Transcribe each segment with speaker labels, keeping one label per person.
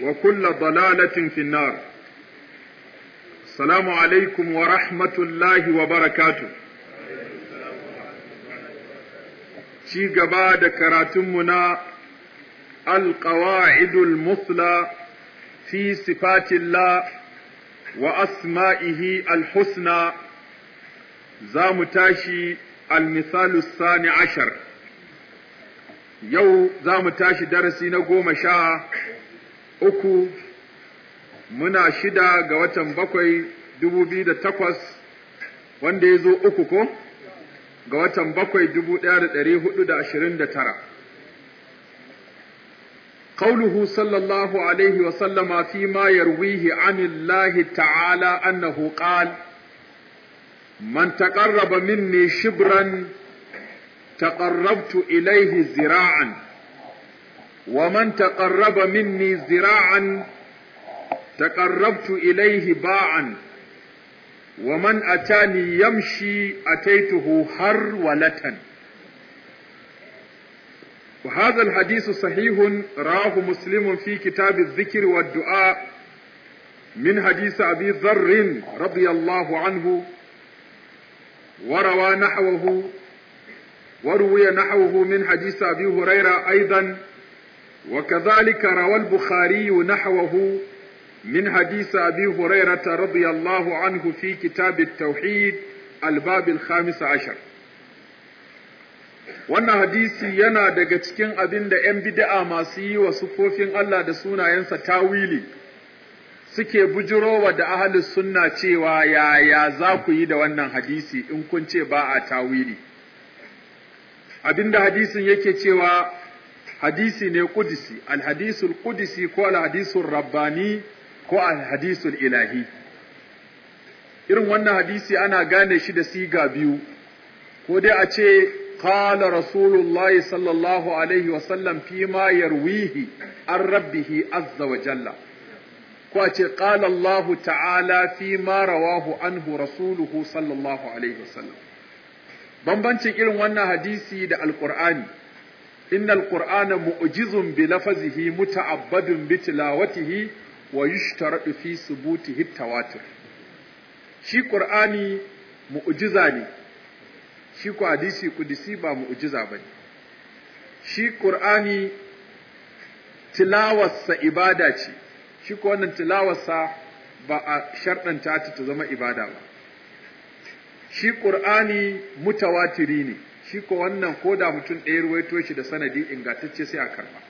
Speaker 1: وكل ضلالة في النار السلام عليكم ورحمة الله وبركاته ci gaba da karatunmu na alƙawa'idul musla fi sifatillah wa asma'ihi alhusna za mu tashi almisalu sani ashar yau za mu tashi darasi na goma sha uku muna shida ga watan bakwai dubu biyu da takwas wanda ya zo uku ko ga watan bakwai dubu ɗaya da ɗari hudu da ashirin da tara قوله صلى الله عليه وسلم فيما يرويه عن الله تعالى أنه قال من تقرب مني شبرا تقربت إليه ذراعا ومن تقرب مني ذراعا تقربت إليه باعا ومن أتاني يمشي أتيته هرولة وهذا الحديث صحيح راه مسلم في كتاب الذكر والدعاء من حديث أبي ذر رضي الله عنه وروى نحوه وروي نحوه من حديث أبي هريرة أيضا وكذلك روى البخاري نحوه من حديث أبي هريرة رضي الله عنه في كتاب التوحيد الباب الخامس عشر wannan hadisi yana daga cikin abinda ‘yan bida'a masu yi wa sufofin Allah da sunayensa tawili suke bujirowa da ahalus sunna cewa yaya za ku yi da wannan hadisi in kun ce ba a tawili Abinda da hadisin yake cewa hadisi ne kudisi alhadisul kudisi ko alhadisul rabbani ko alhadisul ilahi irin wannan hadisi ana gane shi da siga biyu ko dai a ce qala rasulullahi sallallahu alaihi wa sallam fi ma yarwihi an rabbihi azza wa jalla ko a ce qala Allah ta'ala fi ma rawahu anhu rasuluhu sallallahu alaihi wa sallam bambancin irin wannan hadisi da alqur'ani innal kur'ani mu'jizun bi lafazihi muta'abbadun bi tilawatihi wa yushtaradu fi subutihi tawatur shi qur'ani mu'jiza ne shi ko hadisi kudisi ba mu'jiza bane shi qur'ani tilawarsa ibada ce shi ko wannan tilawarsa ba a sharɗanta ta zama ibada ba shi qur'ani mutawatiri ne shi ko wannan ko da mutum ɗaya ruwaito shi da sanadi ingantacce sai a karba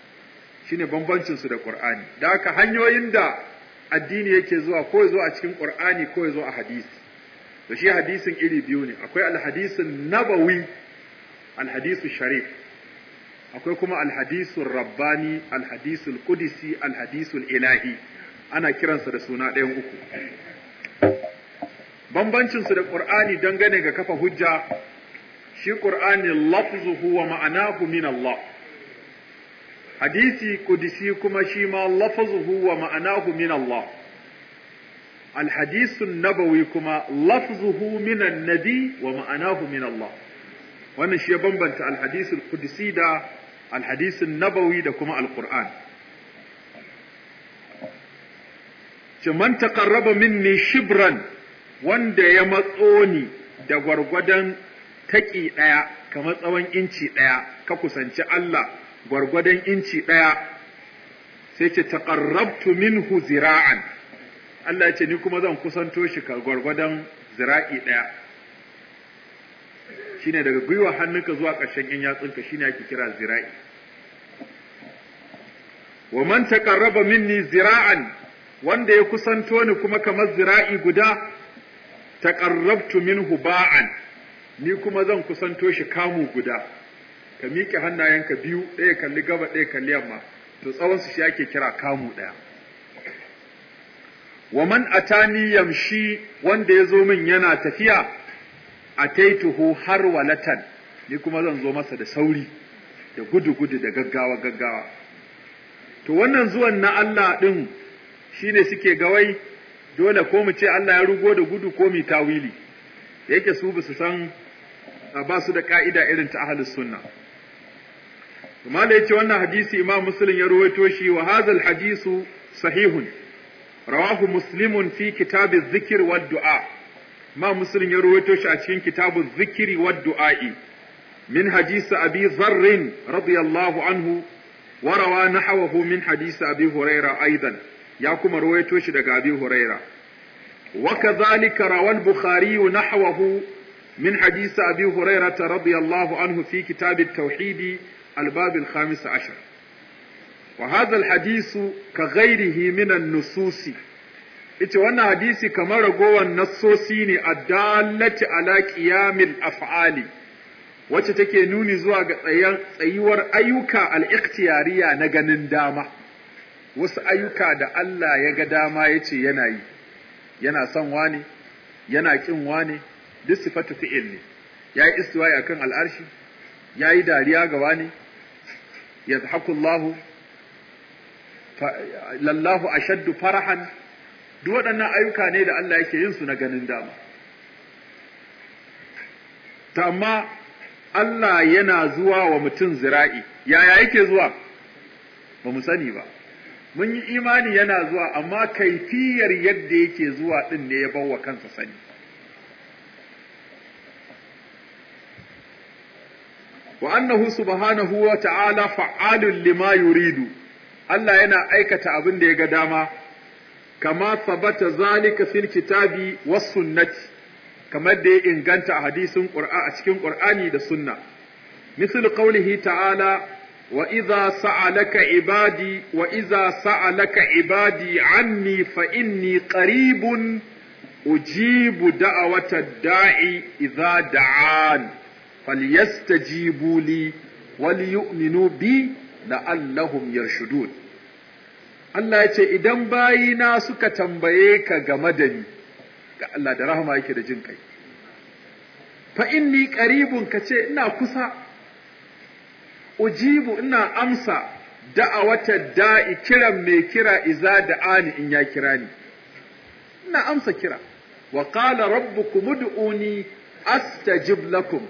Speaker 1: Shi ne bambancinsu da ƙur'ani. da haka hanyoyin da addini yake zuwa ko ya zo a cikin ƙur'ani ko ya zo a hadisi Da shi hadisin iri biyu ne akwai alhadisin nabawi alhadisu sharif akwai kuma alhadisun rabbani alhadisul kudisi alhadisul ilahi ana kiransa da suna ɗayan uku bambancinsu da ƙur'ani gane ga kafa hujja shi qur'ani lafzuhu wa ma'anahu min Allah hadisi kudisi kuma shi ma lafzuhu wa ma'anahu min Allah الحديث النبوي كما لفظه من wa ma'anahu min Allah. wannan shi ya bambanta alhadisun qudsi da alhadisin nabawi da kuma alquran ce man min minni shibran wanda ya matso ni da gwargwadon taki ɗaya kamar tsawon inci ɗaya ka kusanci Allah gwargwadon inci ɗaya sai ce taqarrabtu minhu zira'an Allah ya ce ni kuma zan kusanto shi ka gwargwadon zira'i ɗaya shine daga gwiwa hannunka zuwa ƙarshen yan yatsunka shine ake kira zira'i wa man taqarraba minni zira'an wanda ya kusanto ni kuma kamar zira'i guda taqarrabtu minhu ba'an ni kuma zan kusanto shi kamu guda ka miƙe hannayenka biyu ɗaya kalli gaba ɗaya kalli yamma to tsawon su shi ake kira kamu ɗaya wa man atani yamshi wanda ya zo min yana tafiya ataituhu har walatan ni kuma zan zo masa da sauri da gudu gudu da gaggawa gaggawa to wannan zuwan na Allah ɗin shine suke gawai dole ko mu ce Allah ya rugo da gudu ko mi tawili yake su bisu san ba su da ka'ida irin ta ahlus sunna kuma da yace wannan hadisi imam muslim ya ruwaito shi wa hadhal hadisu sahihun rawahu muslimun fi kitab adh-dhikr wad-du'a ma muslim ya ruwaito shi a cikin kitab adh-dhikr wad-du'a'i min hadis abi dharr radiyallahu anhu wa rawa nahwahu min hadisi abi huraira aidan ya kuma ruwaito shi daga abi huraira وكذلك روى البخاري نحوه من حديث أبي هريرة رضي الله عنه في كتاب التوحيد الباب الخامس عشر وهذا الحديث كغيره من النصوص ita wannan hadisi kamar ragowar nassosi ne a dalati ala qiyamil af'ali wacce take nuni zuwa ga tsayuwar ayyuka al-ikhtiyariya na ganin dama wasu ayyuka da Allah ya ga dama yace yana yi yana son wani yana kin wani duk sifatu fi'il ne yayi ya kan al'arshi yayi dariya ga wani yadhaku Allahu lallahu ashaddu farahan duk waɗannan ayyuka ne da Allah yake yin su na ganin dama ta amma Allah yana zuwa wa mutum zira'i yaya yake zuwa ba mu sani ba mun yi imani yana zuwa amma kaifiyar yadda yake zuwa ɗin ne ya bawa kansa sani wa annahu subhanahu wa ta'ala fa'alun lima yuridu Allah yana aikata abin da ya ga dama kama sabata zalika fil kitabi was sunnati kamar da ya inganta hadisin qur'a a cikin qur'ani da sunna misal qawlihi ta'ala wa sa'a sa'alaka ibadi wa idza sa'alaka ibadi anni fa inni qaribun ujibu da'awata da'i idza da'an falyastajibu li waliyu'minu bi la'allahum yarshudun Allah ya ce idan bayina suka tambaye ka game da ni ga Allah da rahama yake da jin kai fa inni qaribun ka ce ina kusa ujibu ina amsa da'awata da'i kiran mai kira iza ani in ya kira ni ina amsa kira wa qala rabbukum ud'uni astajib lakum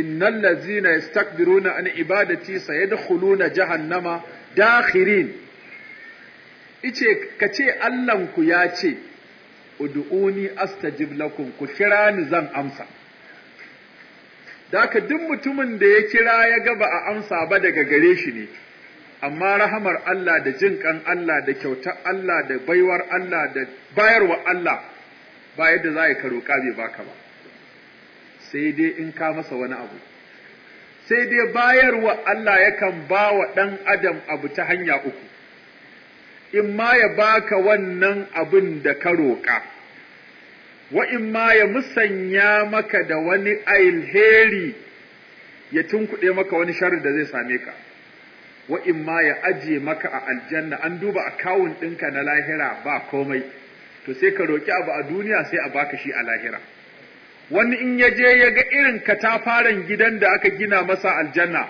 Speaker 1: إن الذين يستكبرون an عبادتي سيدخلون jahannama dakhirin ice kace Allahn ku ya ce ud'uni astajib lakum ku kira ni zan amsa Daka duk mutumin da ya kira ya ga ba a amsa ba daga gare shi ne, amma rahamar Allah da jin kan Allah da kyautar Allah da baiwar Allah da bayarwa Allah ba yadda za ya roƙa bai baka ba. sai dai in ka masa wani abu sai dai bayarwa Allah yakan ba wa ɗan adam abu ta hanya uku in ma ya baka wannan abin da ka roƙa wa in ma ya musanya maka da wani alheri ya tunkuɗe maka wani sharri da zai same ka wa in ma ya aje maka a aljanna an duba akawun ɗinka na lahira ba komai to sai ka roƙi abu a duniya sai a baka shi a lahira wani in ya je ya ga irin katafaren gidan da aka gina masa aljanna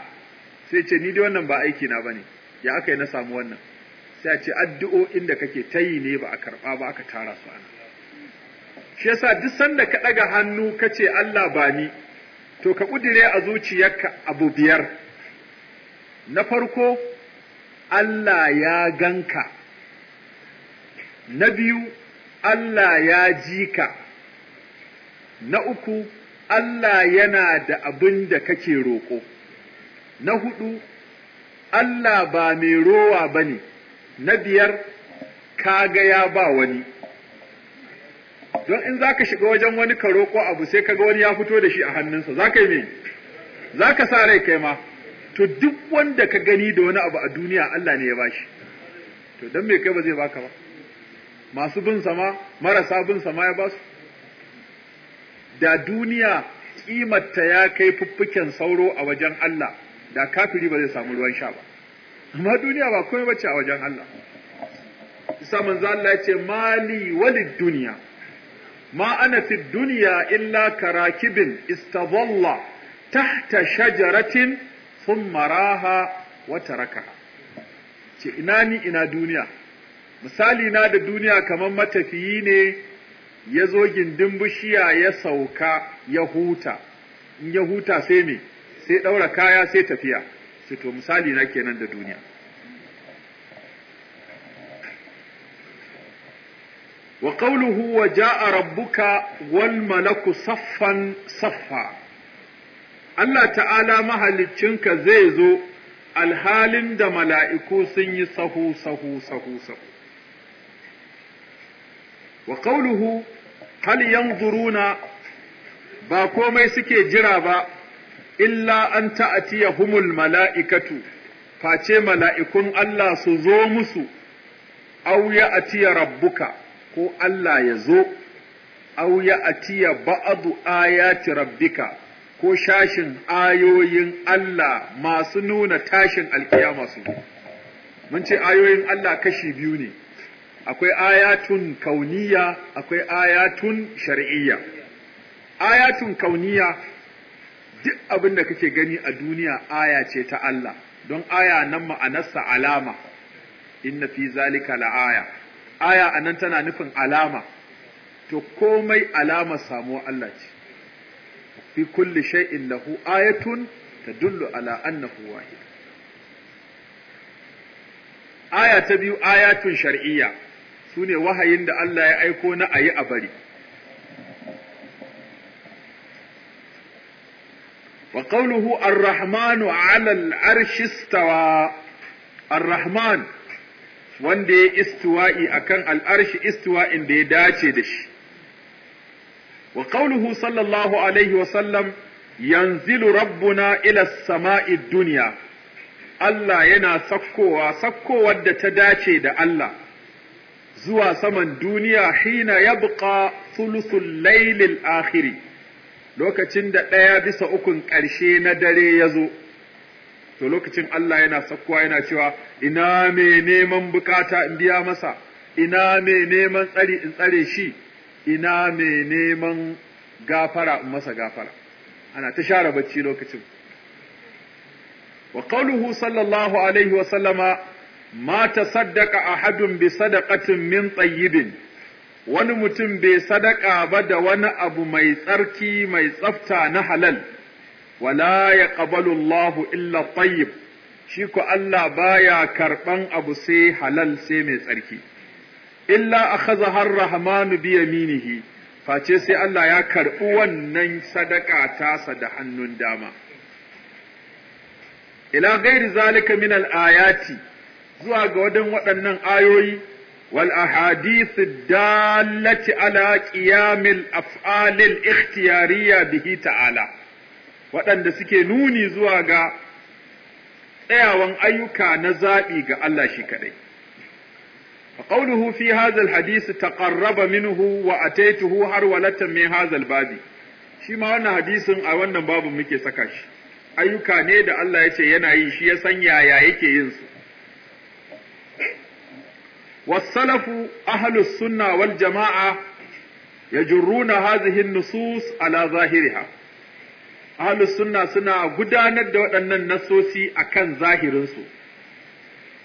Speaker 1: sai ce ni dai wannan ba aiki na bane ya aka yi na samu wannan sai ce addu'o'in da kake tayi ne ba a karba ba aka tara su ana shi yasa duk sanda ka daga hannu kace Allah ba ni to ka kudire a zuciyarka abu biyar na farko Allah ya ganka na biyu Allah ya ji ka na uku Allah yana da abin da kake roƙo na hudu Allah ba mai rowa ba ne na biyar kaga ya ba wani don in zaka shiga wajen wani ka roƙo abu sai kaga wani ya fito da shi a hannunsa za ka yi me za ka sa rai kai ma to duk wanda ka gani da wani abu a duniya Allah ne ya bashi to don me kai ba zai baka ba masu bin sama marasa bin sama ya basu da duniya imarta ya kai fuffuken sauro a wajen Allah da kafiri ba zai samu ruwan sha ba amma duniya ba komai bace a wajen Allah isa manzo Allah ya ce mali walid duniya ma ana fi duniya illa karakibin istadalla tahta shajaratin thumma raha wa taraka ce ina ni ina duniya misali na da duniya kamar matafiyi ne ya zo gindin bishiya ya sauka ya huta in ya huta sai me sai ɗaura kaya sai tafiya to misali na kenan da duniya wa qawluhu wa ja'a rabbuka wal malaku saffan saffa Allah ta'ala mahaliccinka zai zo alhalin da mala'iku sun yi sahu sahu sahu sahu wa qawluhu hal yanzuruna ba komai suke jira ba illa an humul mala'ikatu face mala'ikun Allah su zo musu aw ya atiya rabbuka ko Allah ya zo aw ya atiya ba'du ayati rabbika ko shashin ayoyin Allah masu nuna tashin alkiyama su mun ce ayoyin Allah kashi biyu ne akwai ayatun kauniya akwai ayatun shar'iyya ayatun kauniya duk abin da kake gani a duniya aya ce ta Allah don aya nan ma'anarsa alama inna fi zalika la'aya aya anan tana nufin alama to komai alama samo Allah ce fi kulli shay'in lahu ayatun tadullu ala annahu wahid aya ta biyu ayatun shar'iyya sune wahayin da Allah ya aiko na ayi a bari wa qawluhu ar-rahmanu 'ala al ar-rahman wanda ya istiwa'i akan al-arshi istiwa'in da ya dace da shi wa qawluhu sallallahu alaihi wa sallam yanzilu rabbuna ila samai duniya Allah yana sakkowa sakkowar da ta dace da Allah zuwa saman duniya hina yabqa thuluthul laylil akhiri lokacin da ɗaya bisa ukun ƙarshe na dare ya zo to lokacin Allah yana sakkuwa yana cewa ina me neman bukata in biya masa ina me neman tsari in tsare shi ina me neman gafara in masa gafara ana ta share bacci lokacin wa qawluhu sallallahu alaihi wa sallama ma tasaddaqa ahadun bi sadaqatin min tsayibin, wani mutum bai sadaka ba da wani abu mai tsarki mai tsafta na halal wala ya Allahu illa tsayib, shi ko Allah baya karɓan abu sai halal sai mai tsarki illa a kaza har rahmanu biya minihi, face sai Allah ya karɓi wannan sadaka tasa da hannun dama. Ila gairi zalika min al'ayati, zuwa ga wadan waɗannan ayoyi wal ahadith dalati ala qiyamil af'al al ikhtiyariyya bihi ta'ala waɗanda suke nuni zuwa ga tsayawan ayyuka na zaɓi ga Allah shi kaɗai. فقوله في هذا الحديث ataituhu har walata min من هذا الباب shi ma wannan hadisin a wannan babu muke saka shi ayyuka ne da Allah ya ce yana yi shi ya sanya yaya yake yin su والسلف أهل السنة والجماعة يجرون هذه النصوص على ظاهرها أهل السنة سنة قدانة أن النصوص أكن ظاهر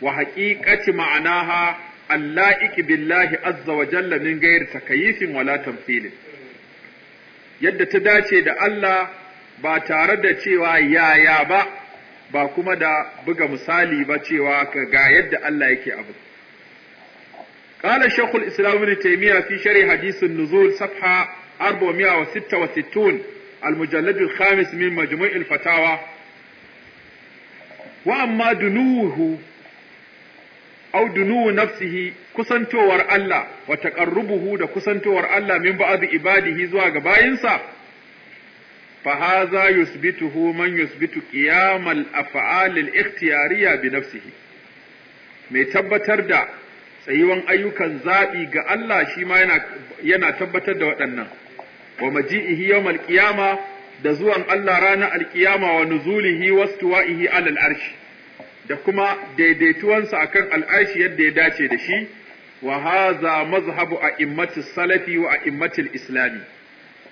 Speaker 1: وحقيقة معناها اللائك بالله عز وجل من غير تكييف ولا تمثيل يد تداشي دا الله Allah ba tare da cewa yaya ba ba kuma da buga misali ba cewa ga yadda Allah yake abu قال الشيخ الإسلام ابن تيمية في شرح حديث النزول صفحة 466 المجلد الخامس من مجموع الفتاوى وأما دنوه أو دنو نفسه كسنتور الله وتقربه دا كسنتور الله من بعض عباده زوا غباينسا فهذا يثبته من يثبت قيام الأفعال الاختيارية بنفسه mai tabbatar da tsayuwan ayyukan zaɓi ga Allah shi ma yana, tabbatar da waɗannan, wa maji'ihi yau malƙiyama da zuwan Allah ranar alƙiyama wa nuzulihi wastuwa'ihi alal arshi, da kuma daidaituwansa a kan al'arshi yadda ya dace da shi, wa haza mazhabu a immati salafi wa a immatil islami.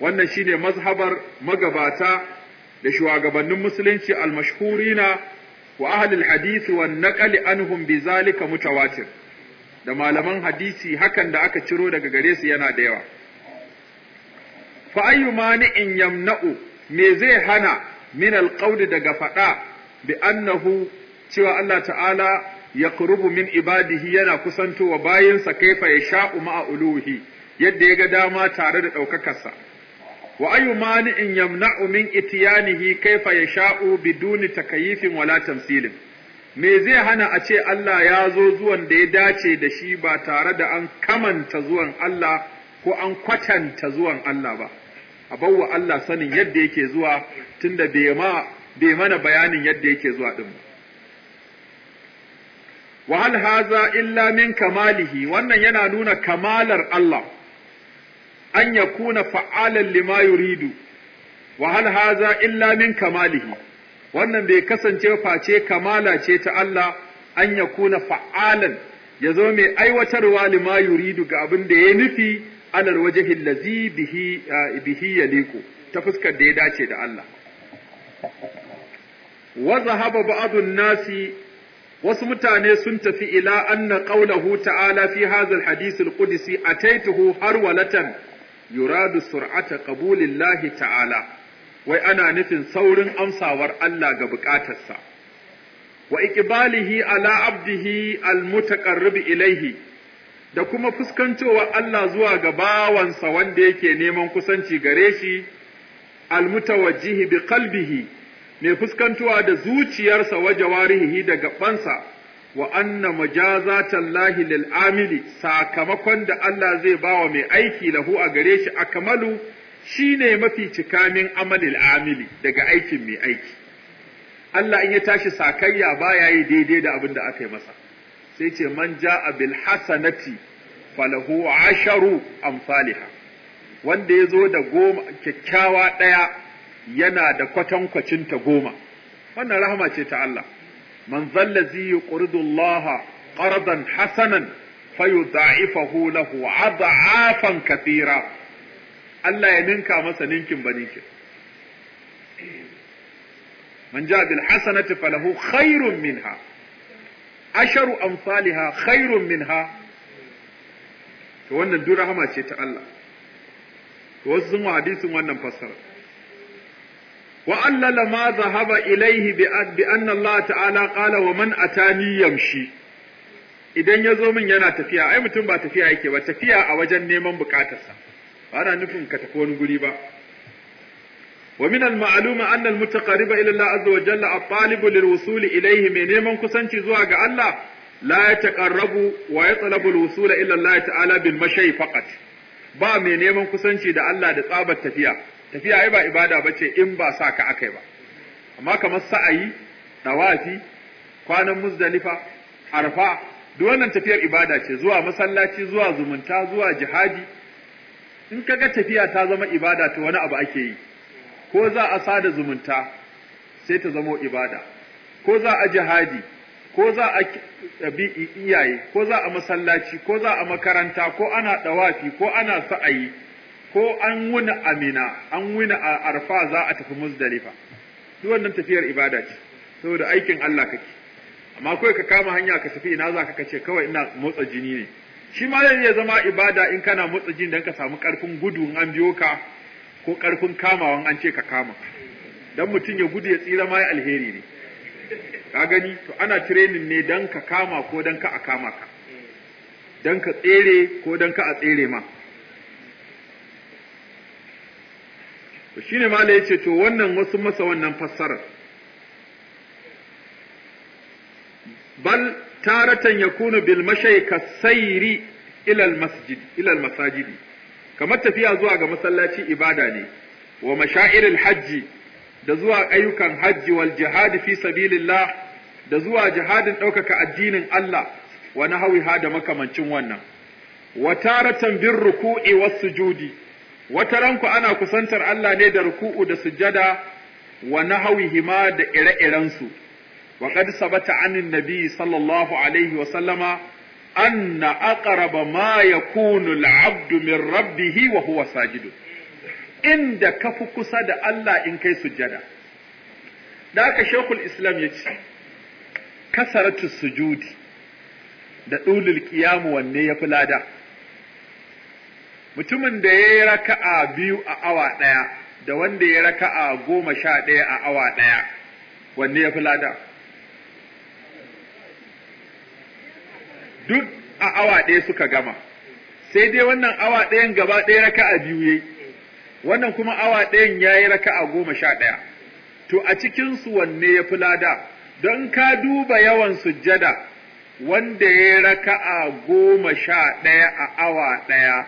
Speaker 1: Wannan shi ne mazhabar magabata da shugabannin musulunci almashhurina wa ahlul hadisi wa naƙali anhum bi zalika mutawatir. da malaman hadisi hakan da aka ciro daga gare su yana da yawa fa mani in yamna'u me zai hana min alqawli daga faɗa bi annahu cewa Allah ta'ala ya kurubu min ibadihi yana kusantowa bayansa kai ya sha'u ma'a uluhi yadda ya ga dama tare da ɗaukakarsa. Wa ayu in yamna'u min itiyanihi kai ya sha'u biduni takayifin wala tamsilin. me zai hana a ce Allah ya zo zuwan da ya dace da shi ba tare da an kamanta zuwan Allah ko an kwatanta zuwan Allah ba a bawa Allah sanin yadda yake zuwa tunda bai mana bayanin yadda yake zuwa ɗin wa hal haza illa min kamalihi wannan yana nuna kamalar Allah an yakuna fa'alan lima yuridu wa haza illa min kamalihi wannan bai kasance face kamala ce ta Allah an ya kuna fa'alan ya zo mai aiwatarwa lima yuridu ga abin da ya nufi alal waje lazi bihi ya liku ta fuskar da ya dace da Allah. Waza haba ba'adun nasi wasu mutane sun tafi ila anna ƙaunahu ta'ala fi a hadisul qudsi ataituhu harwalatan yuradu sur'ata qabulillahi ta'ala wai ana nufin saurin amsawar Allah ga bukatarsa wa iqbalihi ala abdihi almutaqarrib ilaihi da kuma fuskantowa Allah zuwa ga bawansa wanda yake neman kusanci gare shi almutawajjihi bi qalbihi mai fuskantowa da zuciyarsa wajawarihi daga da gabansa wa anna majazatallahi lil amili sakamakon da Allah zai bawa mai aiki lahu a gare shi akamalu shi ne mafi cikamin amalil amili daga aikin mai aiki Allah in ya tashi sakayya ba ya yi daidai da abin da aka yi masa sai ce man ja bil hasanati falahu asharu amfaliha, wanda ya zo da goma kyakkyawa ɗaya yana da kwatankwacinta goma wannan rahama ce ta Allah man zallazi yuqridu Allah qardan hasanan za'ifahu lahu za'afan kafira Allah ya ninka masa ninkin ba ninkin man ja bil hasanati falahu khairun minha asharu amsalha khairun minha to wannan duk rahama ce ta Allah to wasu sun hadisin wannan fassara wa allala ma zahaba ilaihi bi anna Allah ta'ala qala wa man atani yamshi idan ya zo min yana tafiya ai mutum ba tafiya yake ba tafiya a wajen neman bukatarsa ana nufin ka tafi wani guri ba wa min al ma'luma anna al mutaqariba ila Allah azza wa jalla al talibu lil wusuli ilayhi mai neman kusanci zuwa ga Allah la yataqarrabu wa yatlabu al wusula ila Allah ta'ala bil mashay faqat ba mai neman kusanci da Allah da tsabar tafiya tafiya ai ba ibada bace in ba sa ka akai ba amma kamar sa'ayi dawafi kwanan muzdalifa arfa duk wannan tafiyar ibada ce zuwa masallaci zuwa zumunta zuwa jihadi in ga tafiya ta zama ibada to wani abu ake yi ko za a sada zumunta sai ta zama ibada ko za a jihadi ko za a bi iyaye ko za a masallaci ko za a makaranta ko ana dawafi ko ana sa'ayi ko an wuna amina an wuna a arfa za a tafi muzdalifa duk wannan tafiyar ibada ce saboda aikin Allah kake amma kawai ka kama hanya ka tafi ina za ka kace kawai ina motsa jini ne shi ma zai zama ibada in kana motsa jin dan ka samu karfin gudu an biyo ka ko karfin kamawa an ce ka kama dan mutum ya gudu ya tsira ma ya alheri ne ka gani to ana training ne dan ka kama ko dan ka a kama ka dan ka tsere ko dan ka a tsere ma to shine malai yace to wannan wasu masa wannan fassarar bal taratan yakunu bil mashay ka ila al masjid kamar tafiya zuwa ga masallaci ibada ne wa mashair hajji da zuwa ayyukan hajji wal jihad fi sabilillah da zuwa jihadin ɗaukaka addinin Allah wa nahawiha da makamancin wannan wa taratan bin ruku'i was sujudi wata ranku ana kusantar Allah ne da ruku'u da sujada wa hima da ire-irensu wa qad sabata anin nabi sallallahu alaihi wa sallama anna aqraba ma yakunu al-'abdu min rabbih wa huwa sajid inda kafi kusa da Allah in kai sujada da haka shekul islam ya ce kasaratu sujudi da ɗulul ƙiyamu wanne ya fi lada mutumin da ya yi raka'a biyu a awa ɗaya da wanda ya raka'a goma sha ɗaya a awa ɗaya wanne ya fi lada duk a awa ɗaya suka gama sai dai wannan awa ɗayan gaba ɗaya raka a biyu yayi wannan kuma awa ɗayan raka a goma sha ɗaya to a cikinsu wanne ya fi lada don ka duba yawan sujjada wanda ya yi raka a goma sha ɗaya a awa ɗaya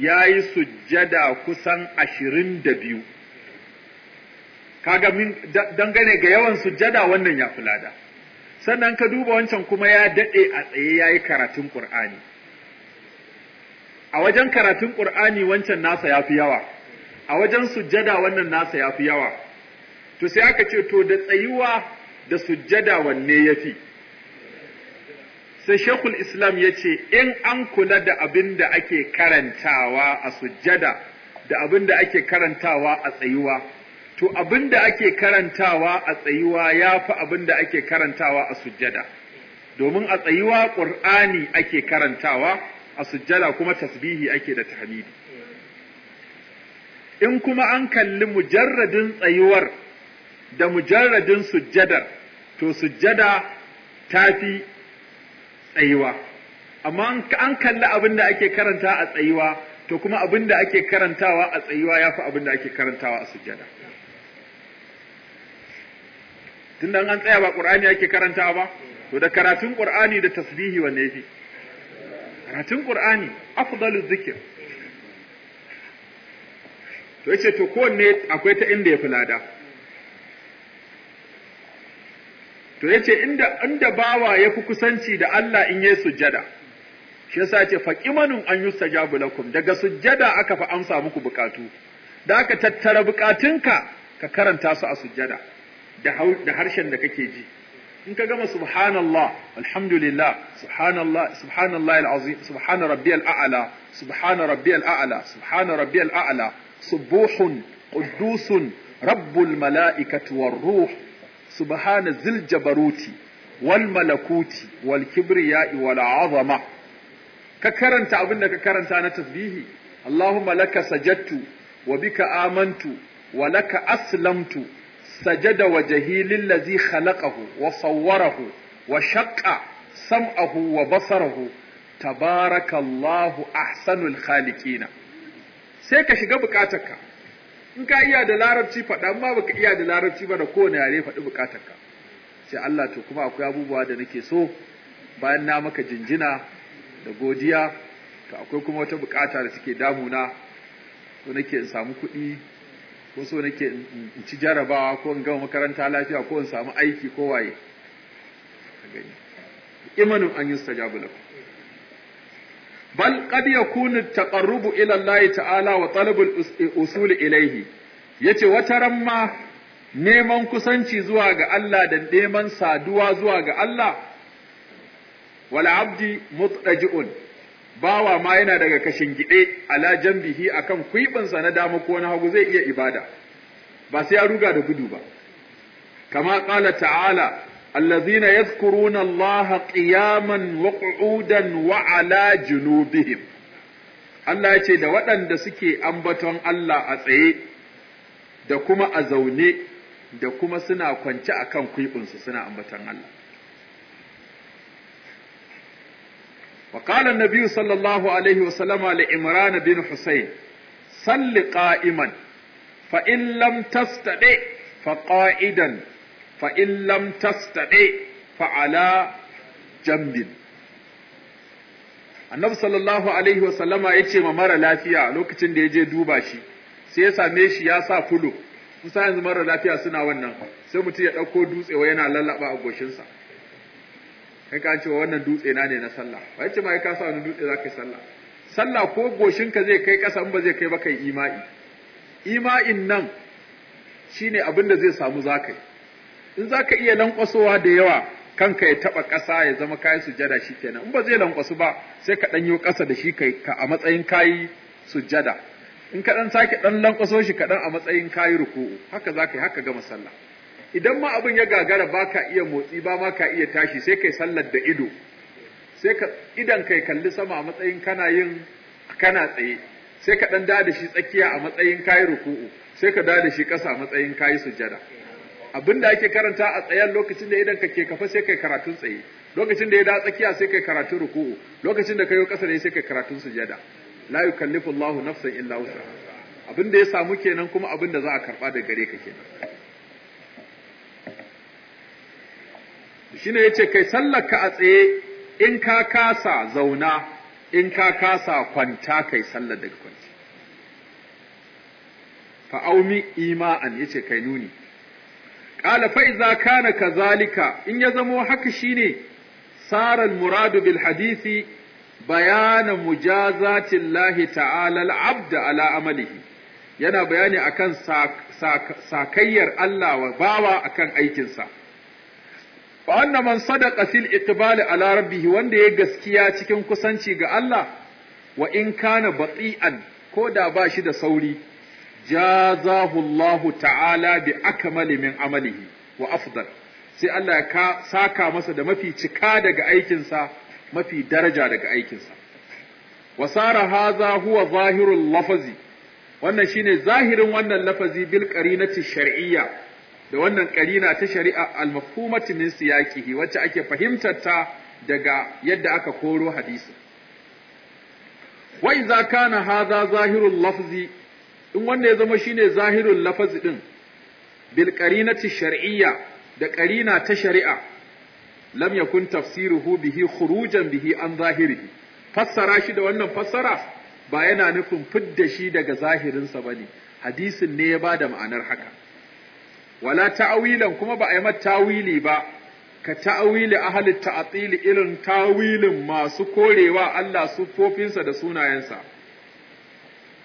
Speaker 1: ya yi sujjada kusan ashirin da biyu kaga min dangane ga yawan sujjada wannan ya fi lada sannan ka duba wancan kuma ya daɗe a tsaye ya yi karatun ƙur'ani a wajen karatun ƙur'ani wancan nasa ya fi yawa a wajen sujjada wannan nasa ya fi yawa to sai aka ce to da tsayuwa da sujjada wanne ya fi sai shekul islam ya ce in an kula da abin da ake karantawa a sujjada da abin da ake karantawa a tsayuwa to abin da ake karantawa a tsayuwa ya fi abin da ake karantawa a sujjada domin a tsayuwa ƙur'ani ake karantawa a sujjada kuma tasbihi ake da tahmidi in kuma an kalli mujarradin tsayuwar da mujarradin sujjadar to sujjada ta fi tsayuwa amma an kalli abin da ake karanta a tsayuwa to kuma abin da ake karantawa a tsayuwa ya fi abin da ake karantawa a sujjada Tun da an tsaya ba ƙur'ani ake karanta ba to da karatun Qur'ani da tasbihi wanne yake karatun Qur'ani afdalu zikir to yace to kowanne akwai ta inda yafi lada to yace inda inda bawa yafi kusanci da Allah in yayi sujjada shi yasa yace faqimanun an yusajabu lakum daga sujjada aka fa amsa muku bukatu da aka tattara bukatunka ka karanta su a sujjada da harshen da kake ji in ka gama subhanallah alhamdulillah subhanallah subhanallah alazim subhana rabbiyal a'la subhana rabbiyal a'la subhana rabbiyal a'la subuhun quddusun rabbul mala'ikati war ruh subhana zil jabaruti wal malakuti wal kibriya'i wal azama ka karanta abin da ka karanta na tasbihi Allahumma laka sajadtu wa bika amantu wa laka aslamtu sajada wajhi lillazi khalaqahu wa sawwarahu wa shaqqa sam'ahu wa basarahu tabarakallahu ahsanul khaliqina sai ka shiga bukatarka in ka iya da larabci faɗa amma baka iya da larabci ba da kowane yare faɗi bukatarka sai Allah to kuma akwai abubuwa da nake so bayan na maka jinjina da godiya to akwai kuma wata bukata da suke damuna to nake in samu kuɗi ko so nake in ci jarabawa ko in gama makaranta lafiya ko in samu aiki ko waye imanin an yustajabu lakum bal qad yakunu taqarrubu ila Allah ta'ala wa talabul usul ilayhi yace wataran ma neman kusanci zuwa ga Allah da neman saduwa zuwa ga Allah wal abdi mutaji'un bawa ma yana daga kashin gide ala jambihi akan kuibinsa na dama ko na hagu zai iya ibada ba sai ya ruga da gudu ba kama qala ta'ala allazina yadhkuruna allaha qiyaman wa qu'udan wa ala junubihim Allah ya ce da waɗanda suke ambaton Allah a tsaye da kuma a zaune da kuma suna kwance akan kuibinsu suna ambaton Allah فقال Nabiyu صلى الله عليه وسلم لعمران بن حسين صل قائما فإن لم تستطع فقائدا فإن لم تستطع فعلى جنب annabi sallallahu ya ce ma mara lafiya lokacin da ya je duba shi sai ya same shi ya sa fulo musa yanzu mara lafiya suna wannan sai mutum ya ɗauko dutsewa yana lallaba agoshinsa. kai ka ce wannan dutse na ne na sallah wai ce ma ka sa wannan dutse ka yi sallah sallah ko goshinka zai kai ƙasa in ba zai kai ba kai ima'i ima'in nan shine abin da zai samu zaka yi in zaka iya lankwasowa da yawa kanka ya taba kasa ya zama kayi sujada shikenan in ba zai lankwasu ba sai ka danyo kasa da shi kai a matsayin kayi sujada in ka dan sake dan lankwaso shi kaɗan a matsayin kayi ruku'u haka zaka yi haka gama sallah idan ma abin ya gagara ba ka iya motsi ba ma ka iya tashi sai kai sallar da ido sai ka idan kai kalli sama a matsayin kana yin kana tsaye sai ka dan da shi tsakiya a matsayin kai ruku'u sai ka da shi ƙasa a matsayin kai sujada abin da ake karanta a tsayen lokacin da idan ka ke kafa sai kai karatun tsaye lokacin da ya da tsakiya sai kai karatun ruku'u lokacin da kayo kasa ne sai kai karatun sujada la yukallifullahu nafsan illa wusa abin da ya samu kenan kuma abin da za a karba da gare ka kenan shine yace kai sallaka a tsaye in ka kasa zauna in ka kasa kwanta kai sallar daga kwanci fa aumi ima'an ce kai nuni qala fa idza kazalika in ya zamo haka shine ne al muradu bil hadisi bayana mujazati lahi ta'ala abda ala amalihi yana bayani akan sakayyar Allah wa bawa akan aikinsa fa anna man sadaqa fil iqbali ala rabbih wanda ya gaskiya cikin kusanci ga Allah wa in kana bati'an ko da ba shi da sauri jazahu Allah ta'ala bi akmali min amalihi wa afdal sai Allah ya saka masa da mafi cika daga aikinsa mafi daraja daga aikinsa sara hadha huwa zahirul lafazi wannan shine zahirin wannan lafazi bil qarinati shar'iyya da wannan karina ta shari'a al-mafhumati min siyaqihi wacce ake fahimtar ta daga yadda aka koro hadisi wa idza kana hadha zahirul lafzi in wanda ya zama shine zahirul lafzi din bil qarinati shar'iyya da karina ta shari'a lam yakun tafsiruhu bihi khurujan bihi an zahirihi fassara shi da wannan fassara ba yana nufin fidda shi daga zahirinsa bane hadisin ne ya bada ma'anar haka wala ta'awilan kuma ba a yi mata tawili ba ka ta'awili ahli ta'til irin tawilin masu korewa Allah sufofinsa da sunayensa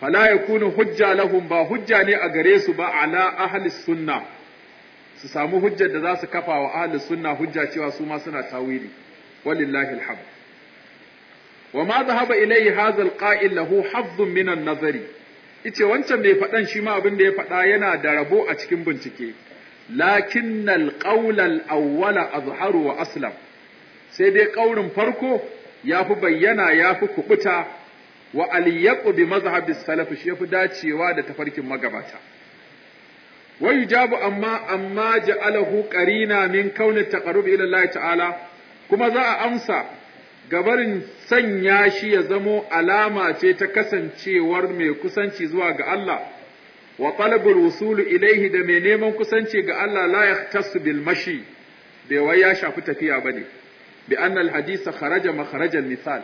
Speaker 1: fala yakunu hujja lahum ba hujja ne a gare su ba ala ahli sunna su samu hujjar da za su kafa wa ahli sunna hujja cewa su ma suna tawili walillahi alhamd وما ذهب إليه هذا القائل له nazari ice wancan mai faɗan shi ma abin da ya faɗa yana da rabo a cikin bincike lakinnal qaulal awwala azharu wa aslam sai dai ƙaurin farko ya fi bayyana ya fi kubuta wa aliyaku bi mazhabis salaf shi yafi dacewa da tafarkin magabata wai yujabu amma amma ja'alahu qarina min kauni taqarrub ila Allah ta'ala kuma za a amsa gabarin sanya shi ya zamo alama ce ta kasancewar mai kusanci zuwa ga Allah wa talabul wusul ilaihi da mai neman kusanci ga Allah la tasu bil mashi bai wai ya shafi tafiya bane bi anna al hadisa kharaja makharaja misal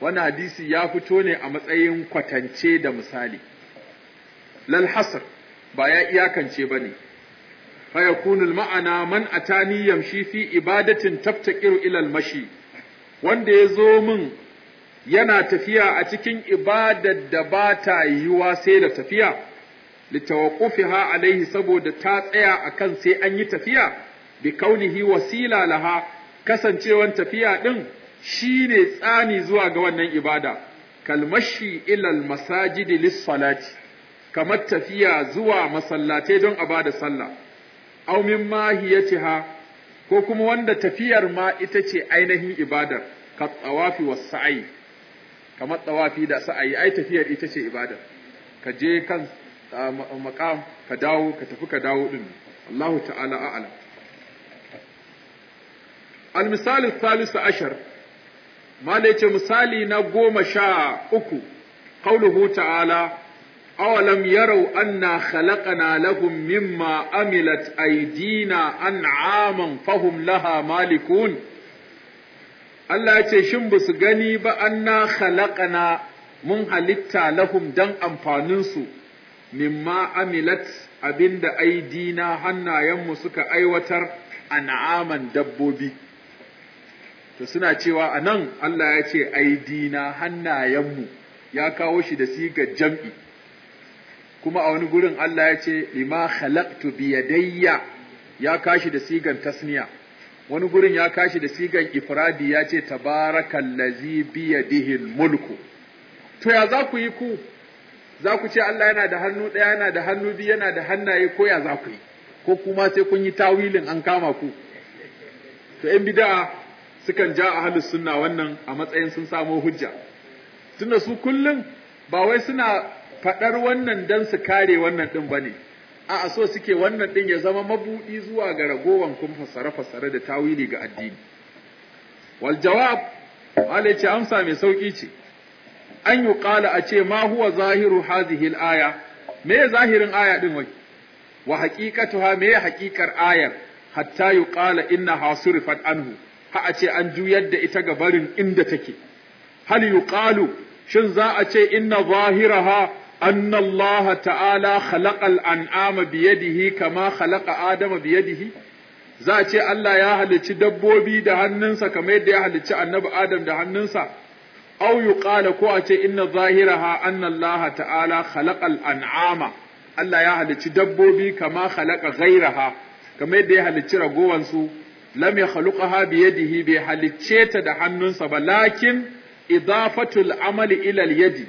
Speaker 1: wani hadisi ya fito ne a matsayin kwatance da misali lal hasr ba ya iyakance bane fa yakunu al ma'ana man atani yamshi fi ibadatin tabtaqiru ila al mashi wanda ya zo min yana tafiya a cikin ibadar da ba ta yiwuwa sai da tafiya, ha alaihi saboda ta tsaya a kan sai an yi tafiya, bi kaunihi wasila laha kasancewan tafiya ɗin shi ne tsani zuwa ga wannan ibada, kalmashi ilal masajidi lissalati, kamar tafiya zuwa masallatai don a ba da sallah, aumin ha! ko kuma wanda tafiyar ma ita ce ainihin ibadar ka tsawafi wa sa'ayi kamar tsawafi da sa'ayi ai tafiyar ita ce ibadar ka je kan maqam ka dawo ka tafi ka dawo din Allahu ta'ala a'lam al-misal al ashar ma misali na goma sha uku qauluhu ta'ala أولم يروا أنا خلقنا لهم مما عملت أيدينا أنعاما فهم لها مالكون Allah ya ce, Shin ba su gani ba anna khalaqana mun halitta lahum don amfaninsu, mimma amilat abinda aidina hannayenmu suka aiwatar a dabbobi. To suna cewa a nan Allah ya ce, Aidina hannayenmu ya kawo shi da sigar jam'i. kuma a wani gurin Allah ya ce lima khalaqtu biyadayya ya kashi da sigan tasniya wani gurin ya kashi da sigan ifradi ya ce tabarakallazi biyadihi mulku to ya za ku yi ku za ku ce Allah yana da hannu ɗaya yana da hannu biyu yana da hannaye ko ya za ku yi ko kuma sai kun yi tawilin an kama ku to ‘yan bida'a sukan ja ahalus sunna wannan a matsayin sun samo hujja tunda su kullum ba wai suna faɗar wannan dan su kare wannan ɗin ba ne, a so suke wannan ɗin ya zama mabuɗi zuwa ga ragowan kuma fassare-fassare da tawili ga addini. Wal jawab, wale ce amsa mai sauƙi ce, an yi ƙala a ce ma huwa zahiru hazihil aya, me zahirin aya ɗin wai? Wa haƙiƙatuha me haƙiƙar ayar, hatta yi ƙala inna hasurifat anhu, ha a ce an juyar da ita ga barin inda take. Hal yuqalu shin za a ce inna zahiraha Annallaha ta'ala تعالى خلق الأنعام بيده كما خلق آدم بيده za a ce Allah ya halicci dabbobi da hannunsa kamar yadda ya halicci annabi Adam da hannunsa aw yuqala ko a ce inna zahiraha anna Allah ta'ala khalaqal an'ama Allah ya halicci dabbobi kama khalaqa ghairaha kamar yadda ya halicci ragowan su lam yakhluqaha bi yadihi bi halicce ta da hannunsa ba lakin idafatul amali ila al yadi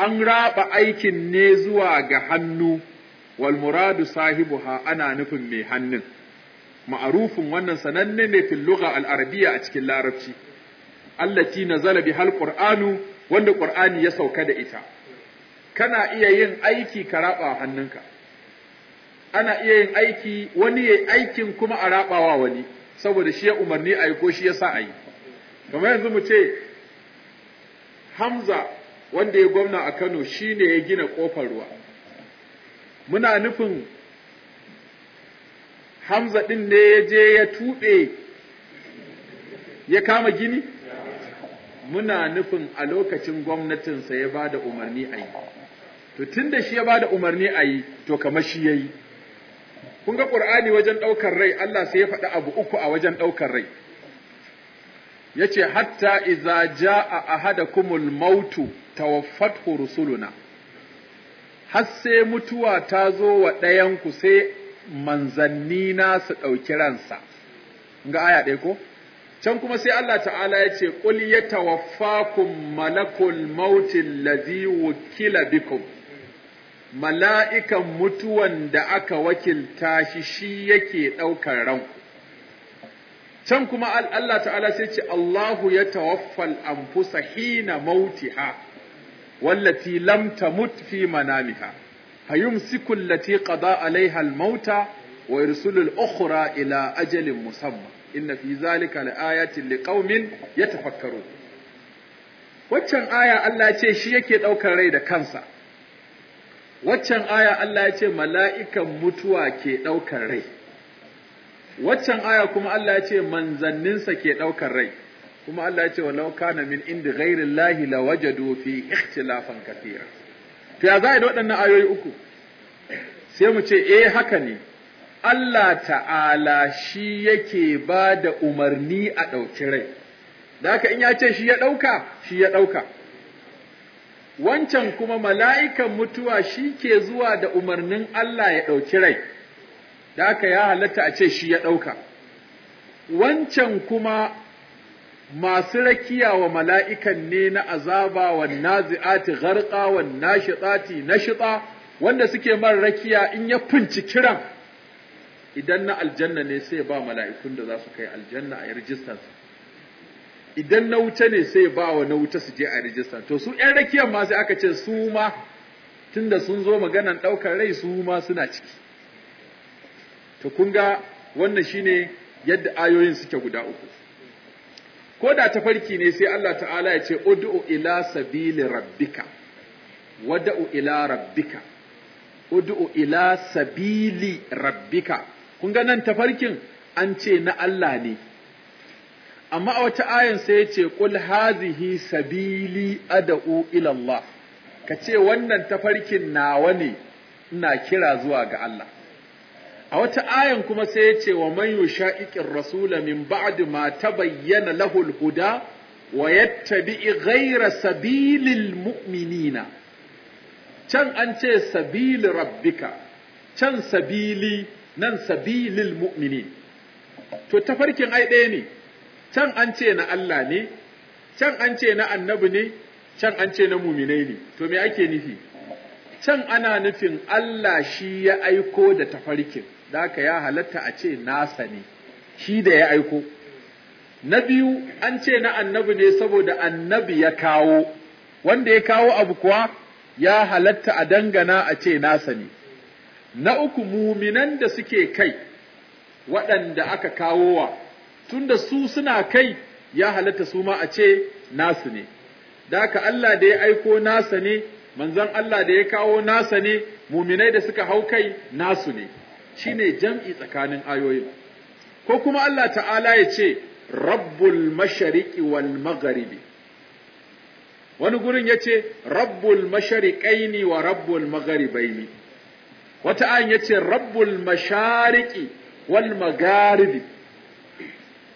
Speaker 1: an raba aikin ne zuwa ga hannu wal muradu sahibuha ana nufin mai hannun ma'arufin wannan sananne ne fil lugha al arabiyya a cikin larabci allati nazala har qur'anu wanda qur'ani ya sauka da ita kana iya yin aiki ka raba hannunka ana iya yin aiki wani yayi aikin kuma a rabawa wani saboda shi ya umarni ayi ko shi ya yasa ayi kamar yanzu mu ce Hamza wanda ya gwamna a Kano shi ne ya gina ƙofar ruwa muna nufin Hamza ɗin ne ya je ya tuɓe ya kama gini muna nufin a lokacin gwamnatinsa ya ba da umarni a yi to da shi ya ba da umarni a yi to kama shi ya yi kun ga ƙur'ani wajen ɗaukar rai Allah sai ya faɗi abu uku a wajen ɗaukar rai ya ce hatta iza ja ahada kumul mautu tawaffathu rusuluna har sai mutuwa ta zo wa ɗayanku sai manzanni na su ɗauki ransa ga aya ɗaya ko can kuma sai Allah ta'ala ya ce qul tawaffakum malakul mauti allazi wukila bikum mala'ikan mutuwan da aka wakilta shi shi yake ɗaukar ranku can kuma Allah ta'ala sai ce Allahu ya tawaffal anfusa hina mautiha wallati lam tamut fi manamiha fayumsiku allati qada alaiha mauta wa yursilu al ila ajalin musamma inna fi zalika laayatin liqaumin yatafakkarun waccan aya Allah ya ce shi yake daukar rai da kansa waccan aya Allah ya ce mala'ikan mutuwa ke daukar rai waccan aya kuma Allah ya ce manzanninsa ke daukar rai kuma Allah ya ce walau kana min inda ghairil lahi wajadu fi ikhtilafan kathira to ya za da waɗannan ayoyi uku sai mu ce eh haka ne Allah ta'ala shi yake ba da umarni a ɗauki rai da haka in ya ce shi ya ɗauka shi ya ɗauka wancan kuma mala'ikan mutuwa shi ke zuwa da umarnin Allah ya ɗauki rai da haka ya halatta a ce shi ya ɗauka wancan kuma masu rakiya wa mala'ikan ne na azaba wa nazi'ati gharƙa wa nashitati nashita wanda suke man rakiya in ya finci kiran idan na aljanna ne sai ba mala'ikun da za su kai aljanna a rijistar idan na wuce ne sai ba wa na wuce su je a rijistar to su ‘yan rakiyar ma aka ce su ma tun da sun zo maganan ɗaukar rai su ma suna ciki to kun ga wannan shine yadda ayoyin suke guda uku ko da tafarki ne sai Allah ta'ala ya ce ud'u ila sabili rabbika wad'u ila rabbika ud'u ila sabili rabbika kun ga nan tafarkin an ce na Allah ne amma a wata ayan sai ya ce qul hadhihi sabili ad'u ila Allah ka ce wannan tafarkin nawa ne ina kira zuwa ga Allah a wata ayan kuma sai ya ce wa man yushaqiqir rasula min ba'di ma tabayyana lahu al-huda wa yattabi'i ghayra sabilil mu'minina can an ce sabil rabbika can sabili nan sabilil mu'minin to tafarkin ai ɗaya ne can an ce na Allah ne can an ce na annabi ne can an ce na muminai ne to me ake nufi can ana nufin Allah shi ya aiko da tafarkin da haka ya halatta a ce nasa ne shi da ya aiko na biyu an ce na annabi ne saboda annabi ya kawo wanda ya kawo abu kuwa ya halatta a dangana a ce nasa ne na uku muminan da suke kai waɗanda aka kawo wa tunda su suna kai ya halatta su ma a ce nasu ne da haka Allah da ya aiko nasa ne manzon Allah da ya kawo nasa ne muminai da suka hau kai nasu ne shine jam'i tsakanin ayoyin ko kuma Allah ta'ala ya ce rabbul mashariqi wal magharibi wani gurin ya ce rabbul mashariqaini wa rabbul magharibaini wata an ya ce rabbul mashariqi wal magharibi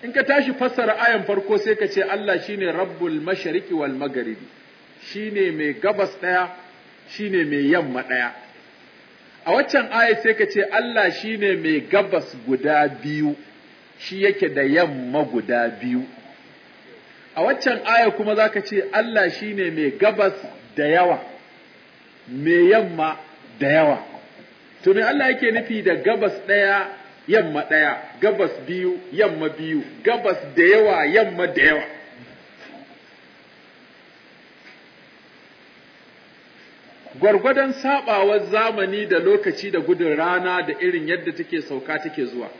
Speaker 1: in ka tashi fassara ayan farko sai ka ce Allah shine rabbul mashariqi wal magharibi shine mai gabas daya shine mai yamma ɗaya. a waccan aya sai ka ce Allah shi ne mai gabas guda biyu shi yake da yamma guda biyu a waccan aya kuma za ka ce Allah shi ne mai gabas da yawa mai yamma da yawa to me Allah yake nufi da gabas ɗaya yamma ɗaya gabas biyu yamma biyu gabas da yawa yamma da yawa gwargwadon sabawar zamani da lokaci da gudun rana da irin yadda take sauka take zuwa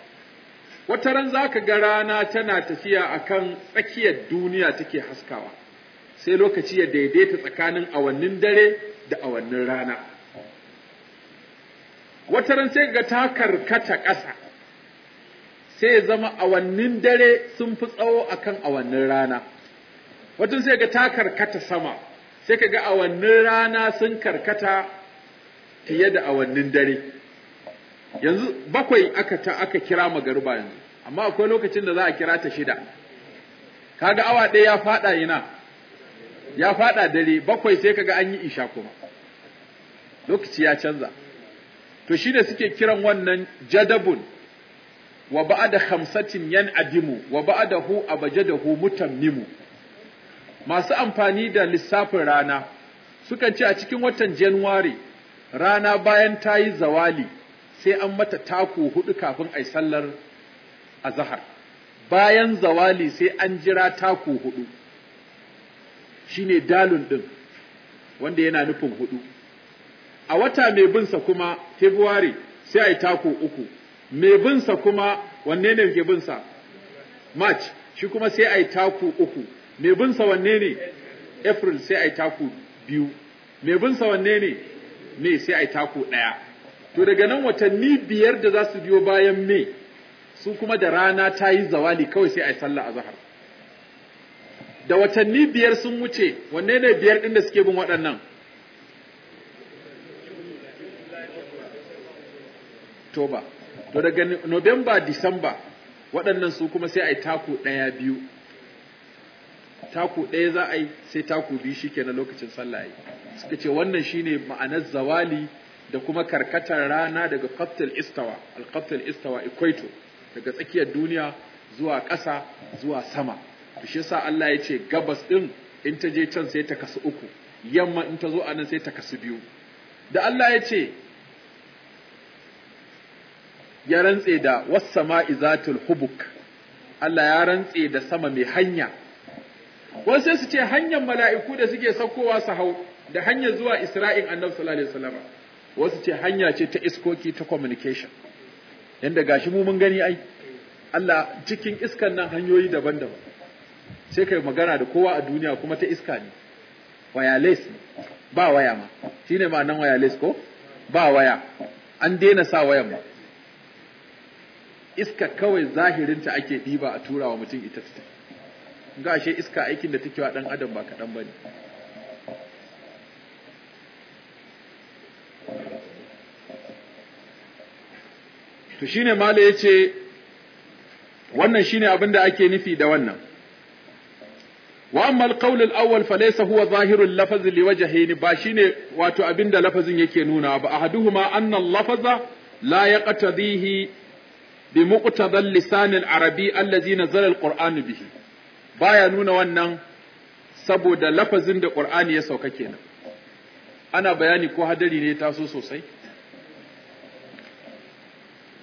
Speaker 1: wata ran za ka ga rana tana tafiya a kan tsakiyar duniya take haskawa sai lokaci ya daidaita tsakanin awannin dare da awannin rana wata ran sai ga ta kata ƙasa sai zama awannin dare sun fi tsawo a kan awannin rana wata sai ga ta karkata sama sai ka ga awannin rana sun karkata fiye da awannin dare yanzu bakwai aka ta aka kira magariba yanzu amma akwai lokacin da za a kira ta shida kaga awa ɗaya ya faɗa ina ya faɗa dare bakwai sai kaga an yi isha kuma lokaci ya canza to shine suke kiran wannan jadabun wa ba'ada khamsatin yan adimu wa ba'adahu abajadahu mutammimu masu amfani da lissafin rana sukan ce a cikin watan Januwari rana bayan ta yi zawali sai an mata taku hudu kafin a yi sallar azahar. Bayan zawali sai an jira taku hudu, shi ne dalun ɗin, wanda yana nufin hudu. A wata mai binsa kuma, February, sai a yi taku uku, mai binsa kuma, wanne ne ke binsa? March, shi kuma sai a yi taku uku. me bin sa wanne ne april sai ai taku biyu me bin sa wanne ne me sai ai taku daya to daga nan watanni biyar da za su biyo bayan me su kuma da rana ta yi zawali kawai sai ai sallah azhar da watanni biyar sun wuce wanne ne biyar din da suke bin waɗannan Toba to daga November December waɗannan su kuma sai a yi taku ɗaya biyu taku ɗaya za a yi sai taku biyu shi kenan lokacin sallah yi suka ce wannan shine ma'anar zawali da kuma karkatar rana daga qaftul istawa al istawa ikwaito daga tsakiyar duniya zuwa ƙasa zuwa sama to shi sa Allah ya ce gabas ɗin in ta je can sai ta kasu uku yamma in ta zo a nan sai ta kasu biyu da Allah ya ce ya rantse da wasu sama'i zatul hubuk Allah ya rantse da sama mai hanya wasu sai su ce hanyar mala'iku da suke saukowa su hau da hanyar zuwa isra’in annabi sallallahu alaihi salama. wasu ce hanya ce ta iskoki ta communication yadda ga mu mun gani ai Allah cikin iskan nan hanyoyi daban-daban sai kai magana da kowa a duniya kuma ta iska ne wireless ba waya ma Shi ne ma'anan wireless ko ba waya an daina sa wayan ma iska kawai zahirinta ake ɗiba a tura wa mutum ita ta ga ashe iska aikin da take wa dan adam ba kaɗan bane ne to shine mala ya ce wannan shine abin da ake nufi da wannan wa amma alqawl alawwal fa laysa huwa zahirul lafz liwajhayn ba shine wato abin da lafazin yake nuna ba ahaduhuma anna annan lafza la yaqtadihi bi muqtadal lisan arabi allazi nazala al bihi baya nuna wannan saboda lafazin da ƙur'ani ya sauka kenan ana bayani ko hadari ne taso sosai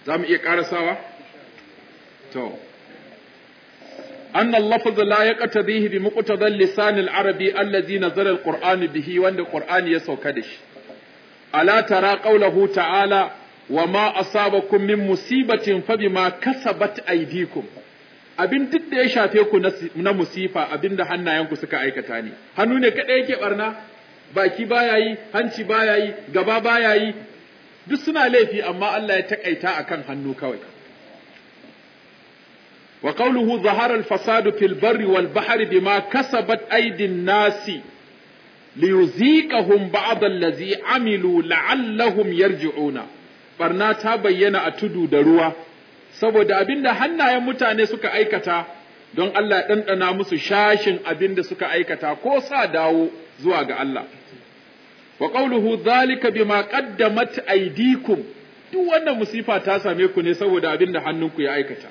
Speaker 1: za mu iya ƙarasawa? to annan lafaz la ya ƙata zai hibi muƙuta zan lisanin arabi allazi na zarar ƙur'ani bihi wanda ƙur'ani ya sauka da shi ala tara ƙaulahu ta'ala wa ma a asabakum min musibatin fabi ma kasabat aidikum. bat abin duk da ya shafe ku na musifa abin da hannayenku suka aikata ne hannu ne kaɗai yake ɓarna? baki baya yi hanci baya yi gaba baya yi duk suna laifi amma Allah ya taƙaita a kan hannu kawai wa qawluhu zahara al-fasadu fil barri wal bahri bima kasabat aydin nasi liyuziqahum ba'd allazi amilu la'allahum yarji'una barna ta bayyana a tudu da ruwa saboda abin da hannayen mutane suka aikata don Allah ya ɗanɗana musu shashin da suka aikata ko sa dawo zuwa ga Allah. Wa ƙauluhu zalika bima qaddamat aydikum duk wannan musifa ta same ku ne saboda abin da hannunku ya aikata.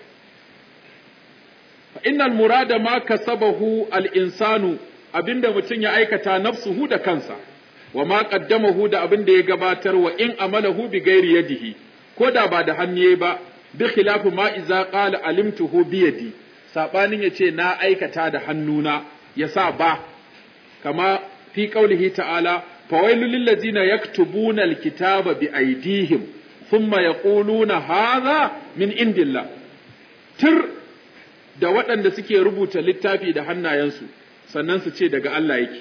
Speaker 1: Fa innal murada ma kasabahu al-insanu da mutum ya aikata nafsuhu da kansa wa ma qaddamahu da abin da ya gabatar wa in amalahu bi ghairi yadihi ko da ba da hannu ba bi khilafu ma iza qala alimtuhu bi yadi sabanin yace na aikata da hannuna sa ba kama fi qaulihi ta'ala fawailul lil ladzina yaktubuna alkitaba bi aydihim thumma yaquluna hadha min indillah tir da waɗanda suke rubuta littafi da hannayensu sannan su ce daga Allah yake